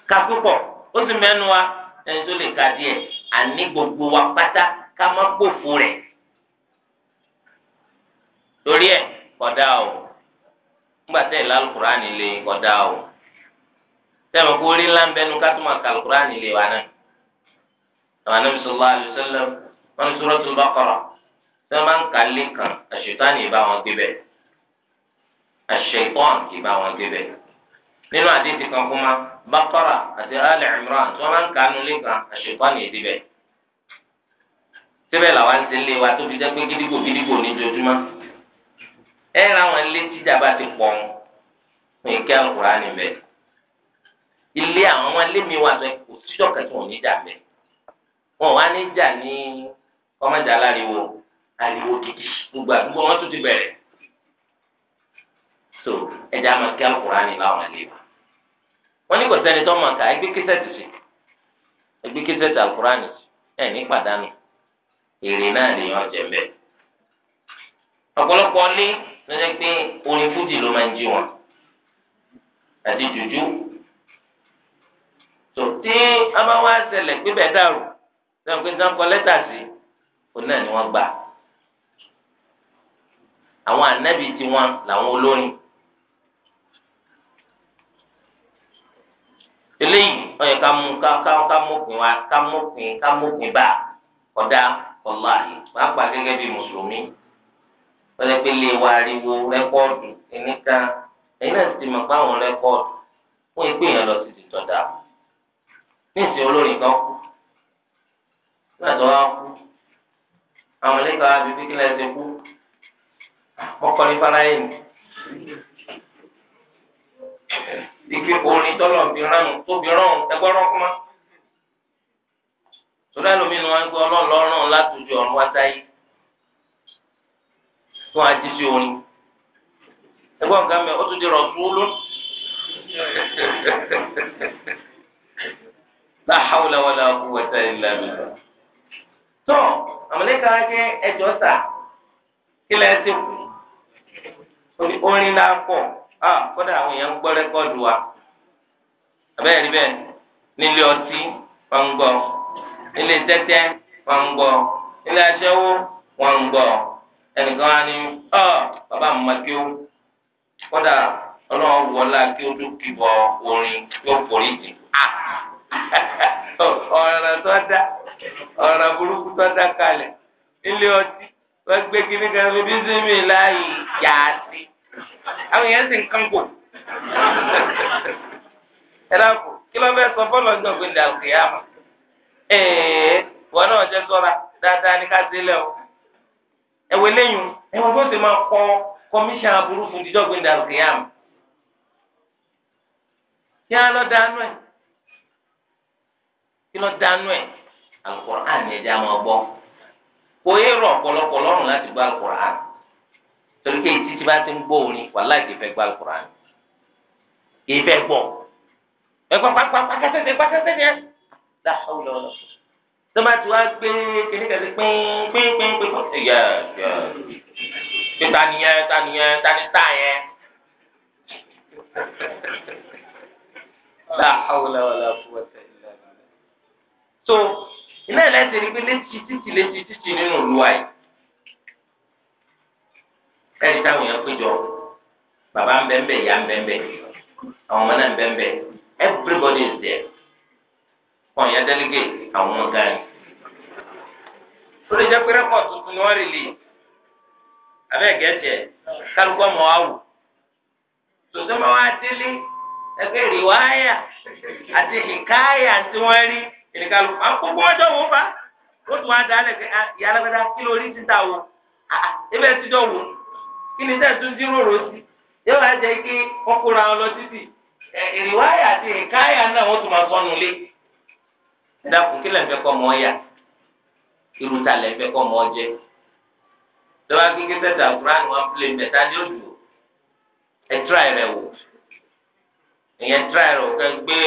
ka púpọ̀ ó sì mẹ́nu wa ẹni tó lè ka díẹ̀ àní gbogbo wa pátá ká má pòfo rẹ̀ torí ẹ̀ kọ̀dá o ńgbà tẹ̀ lálùkùránì lè kọ̀dá o tẹ̀ mọ̀ kó rí ńlá ń bẹ́nu ká tó máa kàlùkùránì lè wa náà àwọn anábì sallallahu alaihi wasallam wọn suratul Baqara tí wọn bá ń kà lẹ́kàn àṣetánì ìbá wọn gbé bẹ́ẹ̀ àṣetán ìbá wọn gbé bẹ́ẹ̀ nínú àdéhìí kan kó má Baqara àti Ali Imran tí wọn bá ń kà nù lẹ́kàn àṣetánì ìdí bẹ́ẹ̀ síbẹ̀ làwa wa tó fi pé gídígbò gídígbò ní ojoojúmọ́ ẹ ra àwọn ilé tíjà bá ti pọ̀ ọ́n fún ìkẹ́ àkùrá níbẹ̀ ilé àwọn ilé mi wà bẹ́ẹ̀ kò síjọ́ kẹtù òní jà bẹ́ẹ̀ wọn wá ní jà ní kọ́mọ́jà aláriwo ariwo gidi gbogbo àdúgbò wọn tún ti bẹ̀rẹ̀ so ẹja máa kí alukurani láwọn àlejò wọn ní kò sẹ́ni tó mọ̀ ká ẹgbẹ́ kẹsẹ̀tì sí ẹgbẹ́ kẹsẹ̀tì alukurani ẹ̀ ní pàdánù èrè náà ni. yàn jẹ mbẹ ọ̀pọ̀lọpọ̀ ọlé lọjọ pé orin fújì ló máa ń jí wọn àti jùjú tó tí a bá wá ṣẹlẹ̀ pé dàrú sẹ́wọ̀n pé sẹ́wọ̀n kọ lẹ́tà sí òun náà ni wọ́n gbà àwọn ànábì tiwọn làwọn olórin eléyìí ó yẹ ká mú ká ká ká mọ̀pin wa ká mọ̀pin ká mọ̀pin bá ọ̀dà ọláàyè wàá pa gẹ́gẹ́ bí mùsùlùmí ó yẹ pé lè wá ariwo rẹ́kọ́ọ̀dù ẹnìkan ẹ̀yin náà ti mọ̀ pé àwọn rẹ́kọ́ọ̀dù fún ìpè yẹn lọ sí ti tọ̀dà níìsín olórin kan kú náà tó wá kú àwọn ilé kan àbí bíkí lẹ́yìn ti kú ọkọ ní farayin ike orin tọ́lọ̀ fi ránù tóbi ránù ẹgbẹ́ rọ́kúnmá sọdá lómi ni wọn gbé ọlọ́ọ̀lọ́rùn látòjú ọ̀run wá sáyé fún ajísí orin ẹgbẹ́ ọ̀gá mi ó tún di rọ̀túlú la hawla wala quwwata illa billah tó àmọlẹ́ka jẹ́ ẹjọ́ sà kílẹ̀ ẹsẹ̀ kù orin náà pọ̀ á kọ́dà àwọn èèyàn ń gbọ́ rẹ́kọ́ọ̀dù wa àbẹ́rẹ́ rí bẹ́ẹ̀ nílé ọtí wọ́n ń gbọ́ nílé tẹ́tẹ́ wọ́n ń gbọ́ nílé aṣẹ́wó wọ́n ń gbọ́ ẹnìkan á ní ọ bàbá mi máa kí ó kọ́dà ọlọ́run wọlá kí ó dúkìbọ̀ orin yóò forí jì á ọ̀rọ̀ tó dáa ọ̀ràn burúkú tó dá kalẹ̀ nílé ọtí wọ́n gbé kíní kan fi bísí mi láàyè yá sí àwọn èèyàn sì ń kán kò ẹ dáàbò kí ló fẹ́ sọ fọlọ́ ọjọ́ pé ní àwòkè yá ẹ̀ẹ́ wọn náà jẹ́ sọ́ra dáadáa ní ká sílẹ̀ o ẹ̀wẹ̀ lẹ́yìn ẹ̀wọ̀n bó ti máa kọ́ kọmíṣán aburú fún dídọ́gbìn dàrúkè yá mọ̀ kí á lọ dáná ẹ̀ kí lọ dáná ẹ̀ alukur'an yẹn jẹ́ àwọn gbọ́ kò yé rọ ọ̀pọ̀lọpọ̀ lọ́rùn láti gbọ́ alukur'an torí pé títí bá ti ń gbọ́ orin wàláì kì í fẹ́ gbọ́ alukur'an kì í fẹ́ gbọ́ ẹ̀kọ́ pàkàtẹ́tẹ́ pàkàtẹ́tẹ́ yẹn dáhùn lọ́wọ́ tọ́ba tí wàá gbé kìnnìkẹ́sì pínpínpínpín yẹ yẹ títa nìyẹn ta nìyẹn ta ní ta yẹn. La hawla wala quwwata illa billah iná ẹlẹ́sìn rí pé létí títì létí títì nínú olúwa yìí ẹ̀rí táwọn èèyàn péjọ bàbá ń bẹ́ẹ̀ ìyá ń bẹ́ẹ̀ àwọn ọmọ náà ń bẹ́ẹ̀ everybody is there ọ̀yàn delegate àwọn ọmọ gan yìí ó lè jẹ́ pé rẹ́kọ̀d tuntun ni wọ́n rí lè abẹ́ gẹ̀ẹ́tì ẹ̀ kálukú ọmọ wa délé ẹgbẹ́ rìwáyà àti hìkáyà tí wọ́n rí ìníkàlù à ń kó gbọ́dọ̀ wò fa ó tún wá dalẹ̀ pé ah, ìyálẹ́gbẹ́dá kí ló rí títà wò ah, ah, ebe ẹtijọ́ wò kí ni tẹ̀ tún jíròrò sí yóò wá jẹ́ kí kọ́kúra ọ lọ títì ìrìwáyà àti ìkáyà náà wọ́n tún máa sọnù lé dákun kí lẹ́ẹ̀fẹ́ kọ́ mọ́ yà irúta lẹ́ẹ̀fẹ́ kọ́ mọ́ jẹ́ lọ́wọ́ akínkí tẹ̀sà fúlàní wọn pilẹ̀ mẹ́ta ní òdù ẹ̀tíra rẹ̀ wò ìyẹn tíra rẹ̀ wò kẹ́ gbé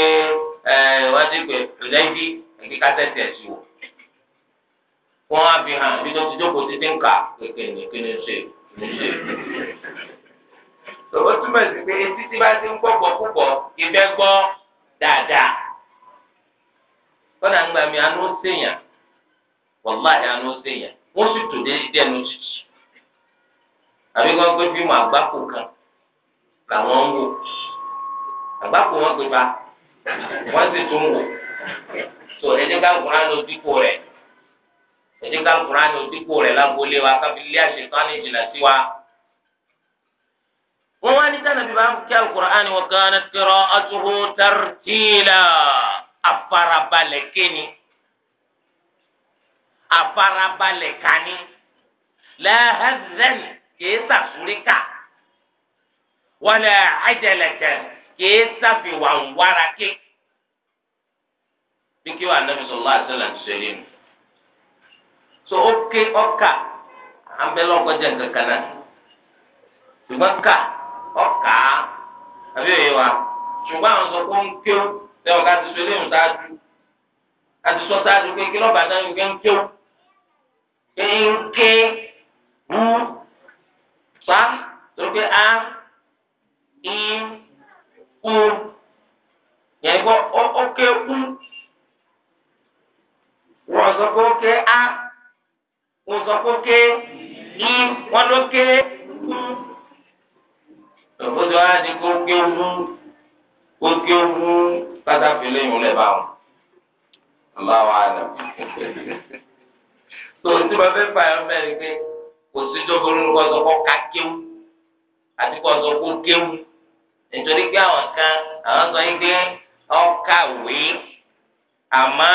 ẹ̀ wọ́n ti pè lẹ́yìn ẹbí kásẹ̀tì ẹ̀sìn wò wọ́n á fi hàn bí tó ti jókòó títí ń kà kékeré ní kíni ṣe ní ṣe. Tòwó túmọ̀ sí pé etí tí bá ti ń gbọ́ pọ̀pọ̀ ìfẹ́ gbọ́ dáadáa. Kọ́nà ń gbà mí àánú sèèyàn wàláhì àánú sèèyàn wọ́n sì tò dé díẹ̀ ní títì. Àbí wọ́n gbé fíìmù àgbákò kan làwọn ń wò. Àgbákò wọn gbé bá wọ́n sì tún wò. so ẹjẹ ká nkùnrin ló rẹ ẹjẹ ká nkùnrin ló rẹ lágbolé wa káfíńlẹ àṣetán ní ìjìnlẹ̀ sí wa. wọn wá ní sànàbí bá ń kí alukur'an wọn kan náà tẹrọ ọtúnhó tartila afarabalẹ̀ kéni kìí sàfúríkà kìí nkewa kí wà nàbì sọlá àtẹlẹ ń ṣe lẹ́nu. so ó ké ọkà àbẹ̀lẹ̀ ọkọjẹ kankan náà ṣùgbọ́n ká ọkà àbí òye wa ṣùgbọ́n àwọn sọ pé ó ń ké ká ti ṣe ṣáájú sọ ṣáájú pé kí a ń kú yẹn kó ó wọ́n sọ pé ó ké á wọ́n sọ pé ó ké í wọ́n ló ké kú. òbójú á di kó ké wú kó ké wú pátákì lẹ́yìn lẹ́ bá wọn. aláwa àdàm. tó o ti máa fẹ́ fà ẹ́ mẹ́rin pé kò síjọ́ burú kó sọ pé ó ká kéwú àti kó sọ pé ó kéwú nítorí pé àwọn kan àwọn sọ yín pé ọkàwé àmọ́.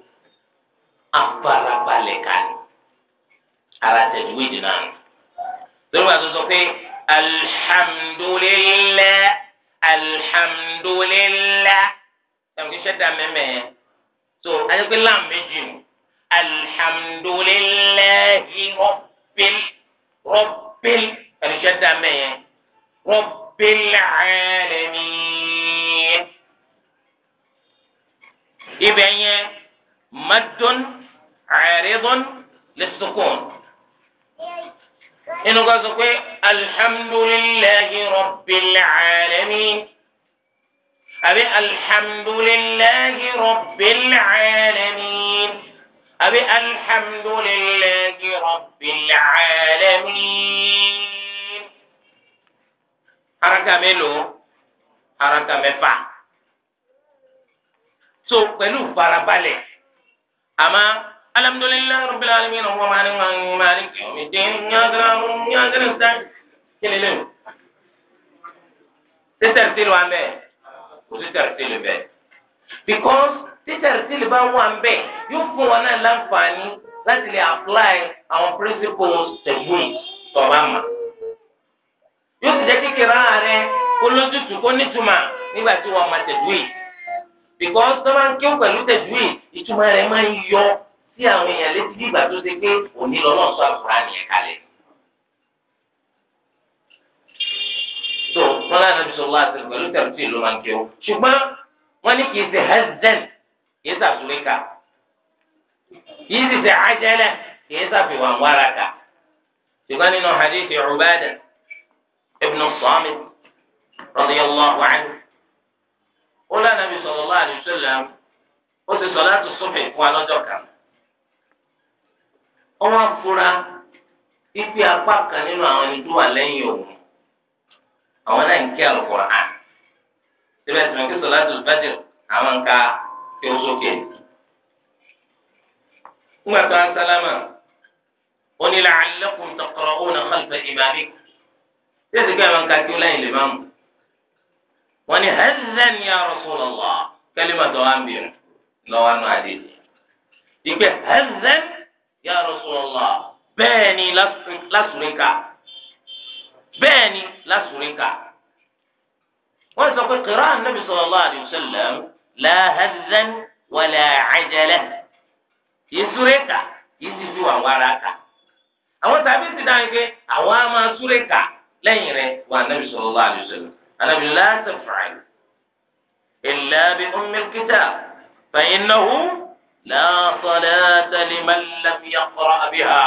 afarabalẹ̀ ká ní ara tajwid náà lórí wàá tó sọ pé alhamdulillah alhamdulillah ẹnìkan iṣẹ́ dá mẹ́mẹ́ yẹn so ayọ́pẹ́ láàmú méjì nù alhamdulillahi rabbil rabbil ẹnìkan dá mẹ́yẹ rabbil alamin ibẹ̀ yẹn madon àrídùn lẹ́sùkùn. inú kan sọ pé alihamudulilayi rọ̀bìlàlẹ́mí àbí alihamudulilayi rọ̀bìlàlẹ́mí àbí alihamudulilayi rọ̀bìlàlẹ́mí. haraka mélòó haraka mẹ́fà so pẹ̀lú farabalẹ̀ àmọ́ alhamdulilayi rabbil alamin ọwọ maa ni maa ni maa ni kẹmí dé nyagara nyagara ta kele lé o títẹ̀rì tìlù wa mbẹ kò títẹ̀rì tìlù bẹ because títẹ̀rì tìlù bá wà mbẹ yóò fún wa náà láǹfààní láti apply àwọn principles tẹ̀gbọ́n tọ́ba ma yóò ti jẹ́ kékeré ààrẹ kó lójútùú kó nítumà nígbà tí wọ́n ma tẹ̀gbọ́n because tọ́ba ń kí ó pẹ̀lú tẹ̀gbọ́n ìtumọ̀ rẹ̀ máa ń yọ. sí àwọn èèyàn létí bí ìgbà tó ṣe pé òní lọ́nà sọ àkùránì yẹn kalẹ̀. tó wọn náà nàbí sọ láti pẹ̀lú tẹ̀lifí ló máa ń kéwò ṣùgbọ́n wọ́n ní kìí ṣe hẹ́sẹ̀n kìí ṣàtúwéka kìí sì ṣe àjẹlẹ̀ kìí ṣàfihàn wáraka ṣùgbọ́n nínú hadithi Ubada ibn Samit radiyallahu anhu ó lánàá bí sallallahu alaihi wasallam ó ọwọ́ afura ipe apá kan nínú àwọn ẹni tó wà lẹ́yìn òun àwọn náà ń kí Al-Qur'an síbẹ̀ tí wọ́n kí Salatul Fajr àwọn nǹka kí ó sókè. ńgbà tó ń sálámà ó ní la'allakum taqra'una khalfa imamikum yéésì kí àwọn nǹka kí ó lẹ́yìn lè máa mú. wọ́n ní hadhan ya Rasulullah kẹ́lí màtọ́ wá ń bìrì lọ́wọ́ nù àdéhùn. ìpè hadhan ya Rasulullah bẹ́ẹ̀ ni lásùrínká bẹ́ẹ̀ ni lásùrínká wọ́n sọ pé kìrọ́ ànábì sallallahu alayhi wa sallam la hazan wa la ajala yìí súrínká yìí sì fi wà wàrà ká àwọn tàbí ti dáhùn pé àwọn á máa súrínká lẹ́yìn rẹ̀ wà ànábì sallallahu alayhi wa sallam ànábì la taf'al illa bi ummil kitab la salata liman lam yaqra biha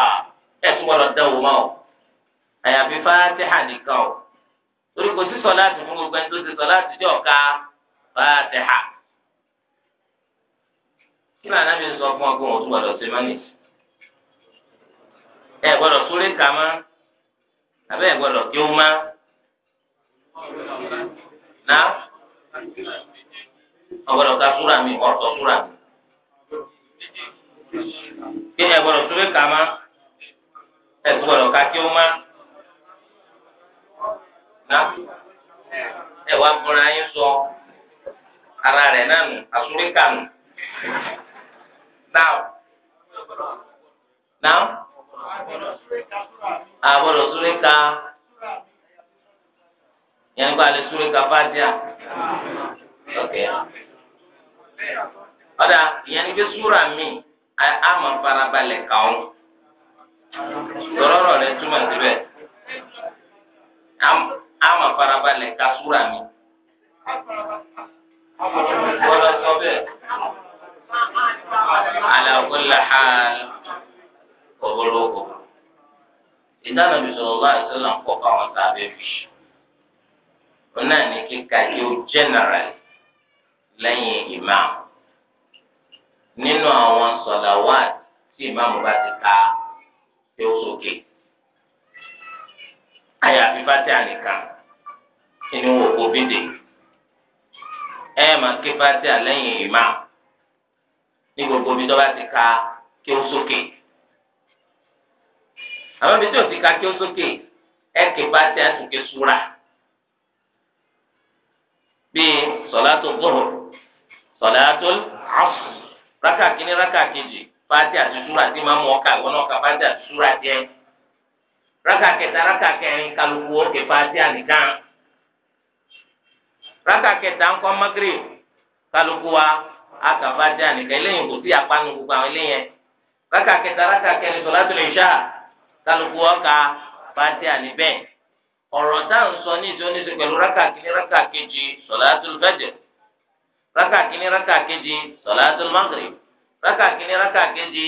ẹ tún gbọ́dọ̀ dán wò má o àyàfi fatiha nìkan o torí kò sí sọláàtì fún gbogbo ẹni tó ti sọláàtì jọ ká fatiha kí ni ànábi sọ fún ọgbọ́n o tún gbọ́dọ̀ ṣe mọ́nì ẹ gbọ́dọ̀ súré kà má àbẹ́ ẹ gbọ́dọ̀ kí ó má ná ọgbọ́dọ̀ ká súra mi ọ̀tọ̀ súra mi. kí ẹ gbọ́dọ̀ tó lè kà má ma, ká kí ó má sọ ara rẹ̀ náà nù na naa nù náà náà àgbọ́dọ̀ súrí yẹn lè ok. ọ̀dà ìyẹn ni pé súra mi a máa farabalẹ̀ kà ó lọ́rọ̀ rẹ túmọ̀ síbẹ̀ a máa farabalẹ̀ ka súra mi gbọ́dọ̀ sọ bẹ́ẹ̀ ala kulli hal òbólógbò ìdáná bisalòlá àìsílẹ̀ ń kọ́ fáwọn sábẹ́ fi ọ̀nà ní kíkà yóò jẹ́nẹ̀rẹ̀ lẹ́yìn ìmáàmù nínú àwọn sọ̀làwà tí ìmáàmù bá ti ka tí ó sókè. àyàfi bá tẹ ànìkan inú òkú bídè ẹ máa ké bá tẹ àlẹ́yìn ìmáàmù ní gbogbo bí tó bá ti ka kí ó sókè. àwọn ibi tí ò ti ka kí ó sókè ẹ ké bá tẹ àtúnké súra bíi sọ̀làtò gbòòrò sọ̀làtò àfù. raka kínní raka keji fàtí àti súra tí máa mú ọkà ìwọ náà kà fàtí àti raka jẹ raka kẹta rákà kẹrin kálukú òkè gan raka rákà kẹta magre kálukú wa aka fàtí ànìkan eléyìí kò sí apánu gbogbo àwọn eléyẹn rákà kẹta rákà kẹrin sọlátul ìṣá kálukú ọkà fàtí ní ní raka raka kínní raka kejì sọ̀láàtù maghrib raka kínní rákà kejì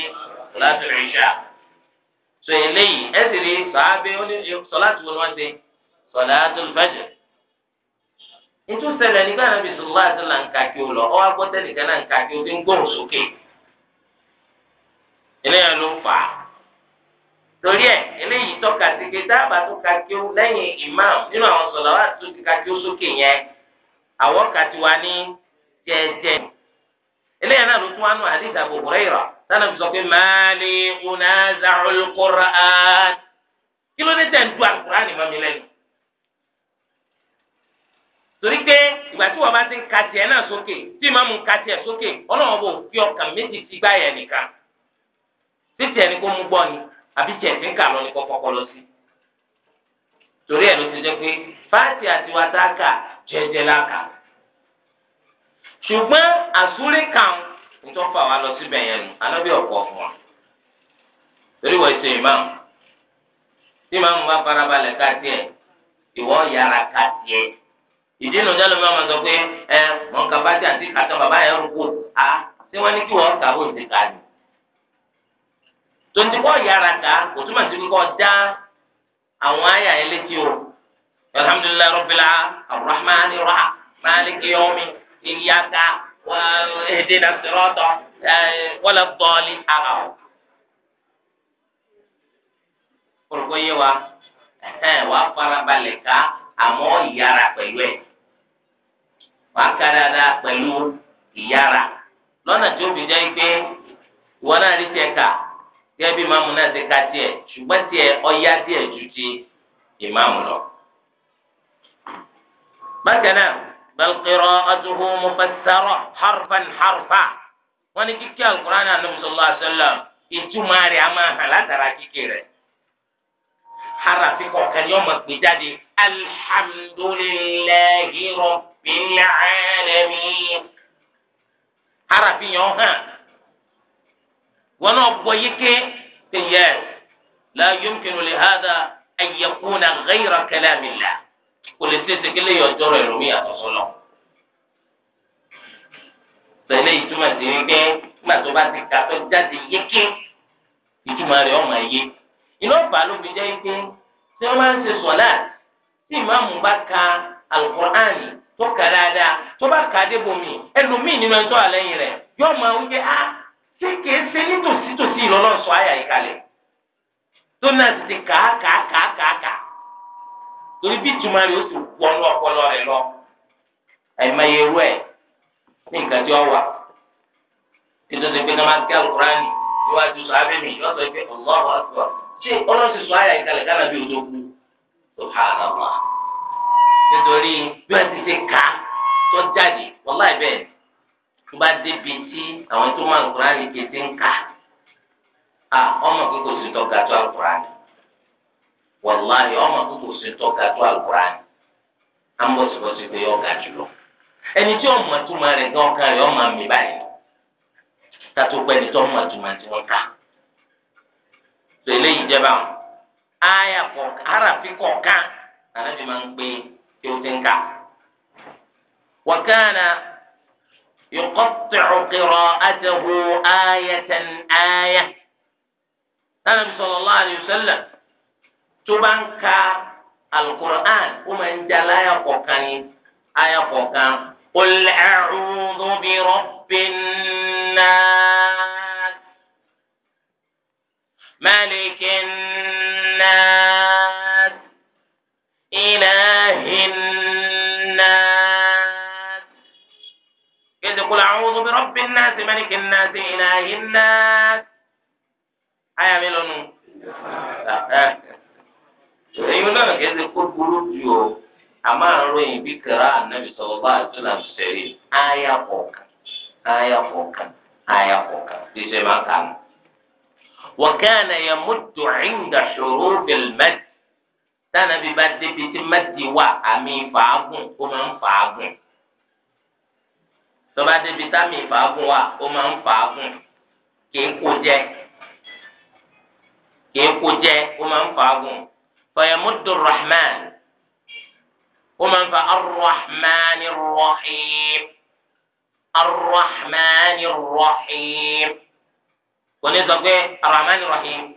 sọ̀láàtù ìṣà tó eléyìí ẹ sì rí sàábé sọ̀láàtù fajr nítorí ṣẹlẹ̀ nígbà náà bí sọlá àti là ka kí o lọ ọ wá nìkan náà ń kí o ti ń gbóhùn sókè eléyà ló fà ka kí o imam nínú àwọn sọlá wa tó ti ka kí jẹ́jẹ́ eléyàn náà ló tún wá nù àdìsá Abu Hurairah sànà fi sọ pé màálí unaza'ul Qur'an kí ló dé tẹ̀ ń du àkùrán ìmọ̀ mi lẹ́nu torí pé ìgbà tí wọn bá ti ń ka tiẹ̀ náà sókè tí màmú ń ka tiẹ̀ sókè ọlọ́wọ́n bò fi ọkàn méjì ti gbá yẹn nìkan títí ẹni kó mú gbọ́ ni àbí tiẹ̀ ti ń kà lọ ní kọ́kọ́kọ́ lọ sí. torí ẹ̀ ló ti jẹ́ pé fáàtì àti wàtáàkà jẹ́jẹ́ láka ṣùgbọ́n àsúrí kan nítorí fà wá lọ síbẹ̀ yẹn nù anábì ọ̀pọ̀ fún wa torí wọ́n ṣe ìmáàmù tí ìmáàmù bá farabalẹ̀ ká tiẹ̀ ìwọ́ yàrá ká tiẹ̀ ìdí nu jálọ̀ máa ma sọ pé ẹ mọ̀ nǹkan bá ti àti kàtọ́ bàbá yẹn rúkú a tí wọ́n ní kí wọ́n kà ó ti kà ní. tonti wọ́n yàrá ká kò túmọ̀ sí kíkọ́ dá àwọn àyà yẹn létí o alhamdulilayi rabbil alamin arrahmanirrahim maliki yawmi ìyáka eh, èdè nàṣírọ́tọ̀ eh, wọlé bọ́ọ̀lì ara o. Kòròkó yé wa wàá farabalẹ̀ ká àmọ́ ìyára pẹ̀lú ẹ̀ wàá ká dáadáa pẹ̀lú ìyára lọ́nà tí ó fi jẹ́ pé ìwọ náà rí tiẹ̀ kà gẹ́gẹ́ bí ìmáàmù náà ti ka tiẹ̀ ṣùgbọ́n tiẹ̀ ọ̀yá tiẹ̀ ju ti ìmáàmù lọ. bákan náà. بل قراءته مفسرة حرفا حرفا ونكيكي القرآن عن النبي صلى الله عليه وسلم إنتو ماري أما فلا تراكي كيري حرفك وكان يومك بجدي الحمد لله رب العالمين حرفي يومها ونبويك تيار لا يمكن لهذا أن يكون غير كلام الله kò lè ṣeéṣe kí léyìn ọjọ́ rẹ̀ lómi yàtọ̀ sọ́lọ̀. tẹ̀lé ìtumọ̀ sí wípé nígbà tó bá ti ka tó jáde yékè ìtumọ̀ rẹ̀ ọmọ yé iná bá ló fi jẹ́ pé tí wọ́n bá ń ṣe sọ̀lá tí ìmáàmù bá ka alukur'ani tó kà dáadáa tó bá kà á débòmí ẹlòmíì nínú ẹjọ́ àlẹ́yìn rẹ̀ yóò máa wípé a ah, ṣé kìí ṣe nítòsítòsí ìlọ́lọ́sọ àyà ìkàlẹ̀ tó náà ti kà á kà á kà á kà á kà á torí bí ìtumọ̀ rẹ̀ ó sì wọnú ọpọlọ rẹ̀ lọ àìmọye irú ẹ̀ ní nǹkan tí ó wà kí tó ti pé kámá kí alukurani níwájú sọ abẹ́mi yọ sọ pé ọlọ́wọ́ àtúwà ṣé ọlọ́sì sọ àyà ìkàlẹ̀ kánà bí o tó kú subhanallah nítorí bí wọ́n ti ṣe ká tó jáde wọ́láì bẹ́ẹ̀ tó bá débi tí àwọn tó máa alukurani kété ń kà á ọmọ kókò sí tó ga tó alukurani. wàláhì ọmọ kókò sí tọ́ka tó àlùkùránì ambọ̀sibọ̀sì pé ọ̀gá jùlọ ẹni tí ọmọ túmọ̀ rẹ̀ gan ọ̀kan rẹ̀ ọmọ mi báyìí ya pẹ́ ni tí ọmọ túmọ̀ tí wọ́n kà tó eléyìí jẹba wọn àyà kọ kọ̀ọ̀kan ànábi máa ń gbé tí ó ti ń kà wàkàna yọkọtìrù kìrọ àtẹwò àyà tẹn àyà. Nabi sallallahu alayhi wa sallam tó bá ń ka alukur'an ó máa ń jalá ayà kọ̀ọ̀kan ni ayà kọ̀ọ̀kan qul a'udhu bi rabbin nas malikin nas ilahin nas kéde qul a'udhu bi rabbin nas malikin nas ilahin nas ayà mi lónìí. ìròyìn náà kìí ṣe kó burú jù o àmọ́ àròyìn bí kẹrà ànábì sọ̀rọ̀ bá àtúnà sẹ̀rí áyà kọ̀ọ̀kan áyà kọ̀ọ̀kan áyà kọ̀ọ̀kan bí ṣe máa kà á. وكان يمد عند حروف المد tánàbí bá débi tí mẹ́tì wà àmì ìfàágùn ó máa ń fàágùn tó bá débi támì ìfàágùn wà ó máa ń fàágùn kì í kó jẹ kì í kó jẹ ó máa ń fàágùn. فيمد الرحمن ومن فالرحمن الرحيم الرحمن الرحيم ونزق الرحمن الرحيم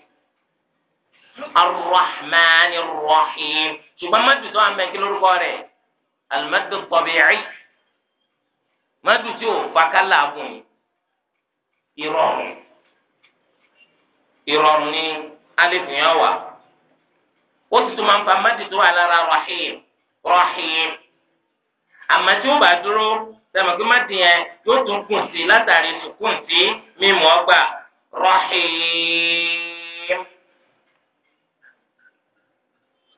الرحمن الرحيم شو مد تو عم بنكلو القارئ المد الطبيعي مد تو فكلا بوني ìrọ̀rùn ìrọ̀rùn ni alif Wotutu ma máa ń fa mádì tó wà lára rahim rahim àmọ́ tí ó bá dúró sẹ́mi pé mádì yẹn yóò tún kùn sí látàrí sùkùn sí mímu ọgbà rahim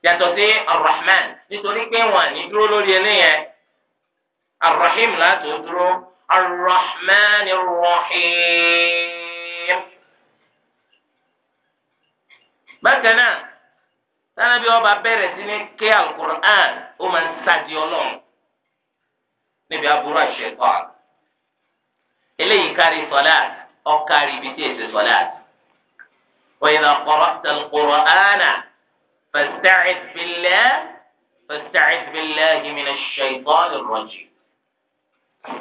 yàtọ̀ sí arrahman nítorí pé wọn à ní dúró lórí eléyẹn arrahim láti ó dúró arrahman rahim bákan náà. sanabi ọba bẹ̀rẹ̀ sí ní ké alukur'an ó máa ń sáàdì Ọlọ́run níbi aburú àṣẹkọ eléyìí kárí sọláàt ọkárí ibi tí èsì sọláàt wa idha qara'ta al-Qur'ana fasta'idh billah fasta'idh billahi minash shaytanir rajim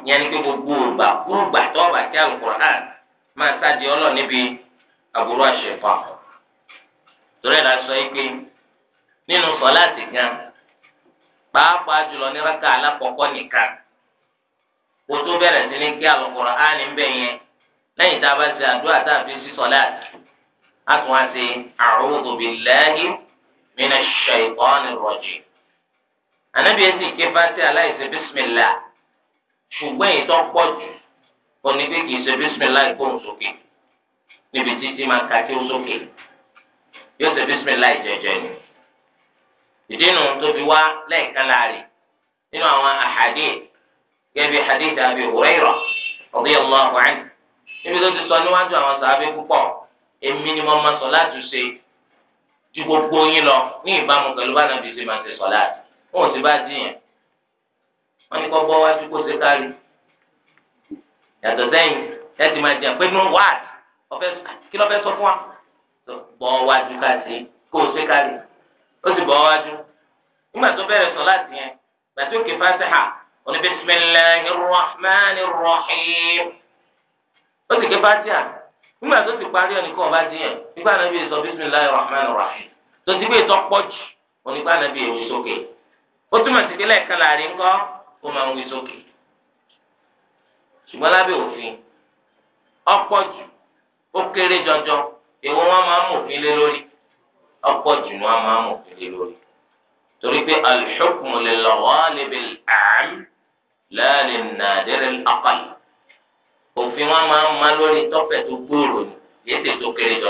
yẹn ní pé gbogbo ògbà kúrúgbà tó ọba ké alukur'an máa sáàdì Ọlọ́run níbi aburú àṣẹkọ torí ẹ̀ la sọ yìí pé nínú sọláàtì gan pàápàá jùlọ ní rákà alákọ̀ọ́kọ́ nìkan kó tó bẹ̀rẹ̀ sí ní kí àlùkòrò á ní bẹ̀ yẹn lẹ́yìn tá a bá ṣe àdúrà tá a fi sí sọláàtì a tún wá sí a'udhu billahi minash shaytanir rajim ànábi ẹsẹ ìkẹfàtì aláìsẹ bísímìlà ṣùgbọ́n èyí tó pọ̀ jù kò ní pé kì í ìkóhùn sókè níbi títí máa ka kí ó sókè yóò ṣe bísímìlà ìjẹjẹ ni ìdínú tó fi wá lẹ́ǹkan láàrin nínú àwọn àhàdí gẹ́gẹ́ bí hadith Abi Hurairah radiyallahu anhu níbi tó ti sọ níwájú àwọn sàábé púpọ̀ èmi ni mo máa sọ láti ṣe ju gbogbo yín lọ ní ìbámu pẹ̀lú bá nàbí ṣe máa ṣe sọ láti wọn ò sì bá dìyàn wọn ní kọ́ bọ́ wájú kó ṣe kárí yàtọ̀ sẹ́yìn ẹ máa jẹun pé nínú wáàtì kí ló fẹ́ sọ fún wa bọ́ wájú ká ṣe ṣe kárí ó sì bọ́ wájú nígbà tó bẹ̀rẹ̀ sọ láti yẹn gbàtí òkè fásihà òní bismillahir rahmanir rahim ó sì ké fásihà nígbà tó ti parí ọ̀nìkan ọba dín yẹn nígbà náà bí èso bismillahir rahmanir rahim tó ti gbé ètò pọ̀jù onígbà náà bí èwì sókè ó túmọ̀ sí kílẹ̀ kan láàrin ńkọ́ ó máa ń wí sókè ṣùgbọ́n lábẹ́ òfin ọ̀pọ̀jù ó kéré jọjọ èwo wọn máa ń mú òfin lé lórí ọ̀pọ̀ jù ní wọn máa ń mọ̀fin lé lórí torí pé al-hukmu lil-ghalib al-a'am la lin-nadir òfin wọn máa ma lórí tọ́fẹ̀ tó gbòòrò ní yéé tètè kéré jọ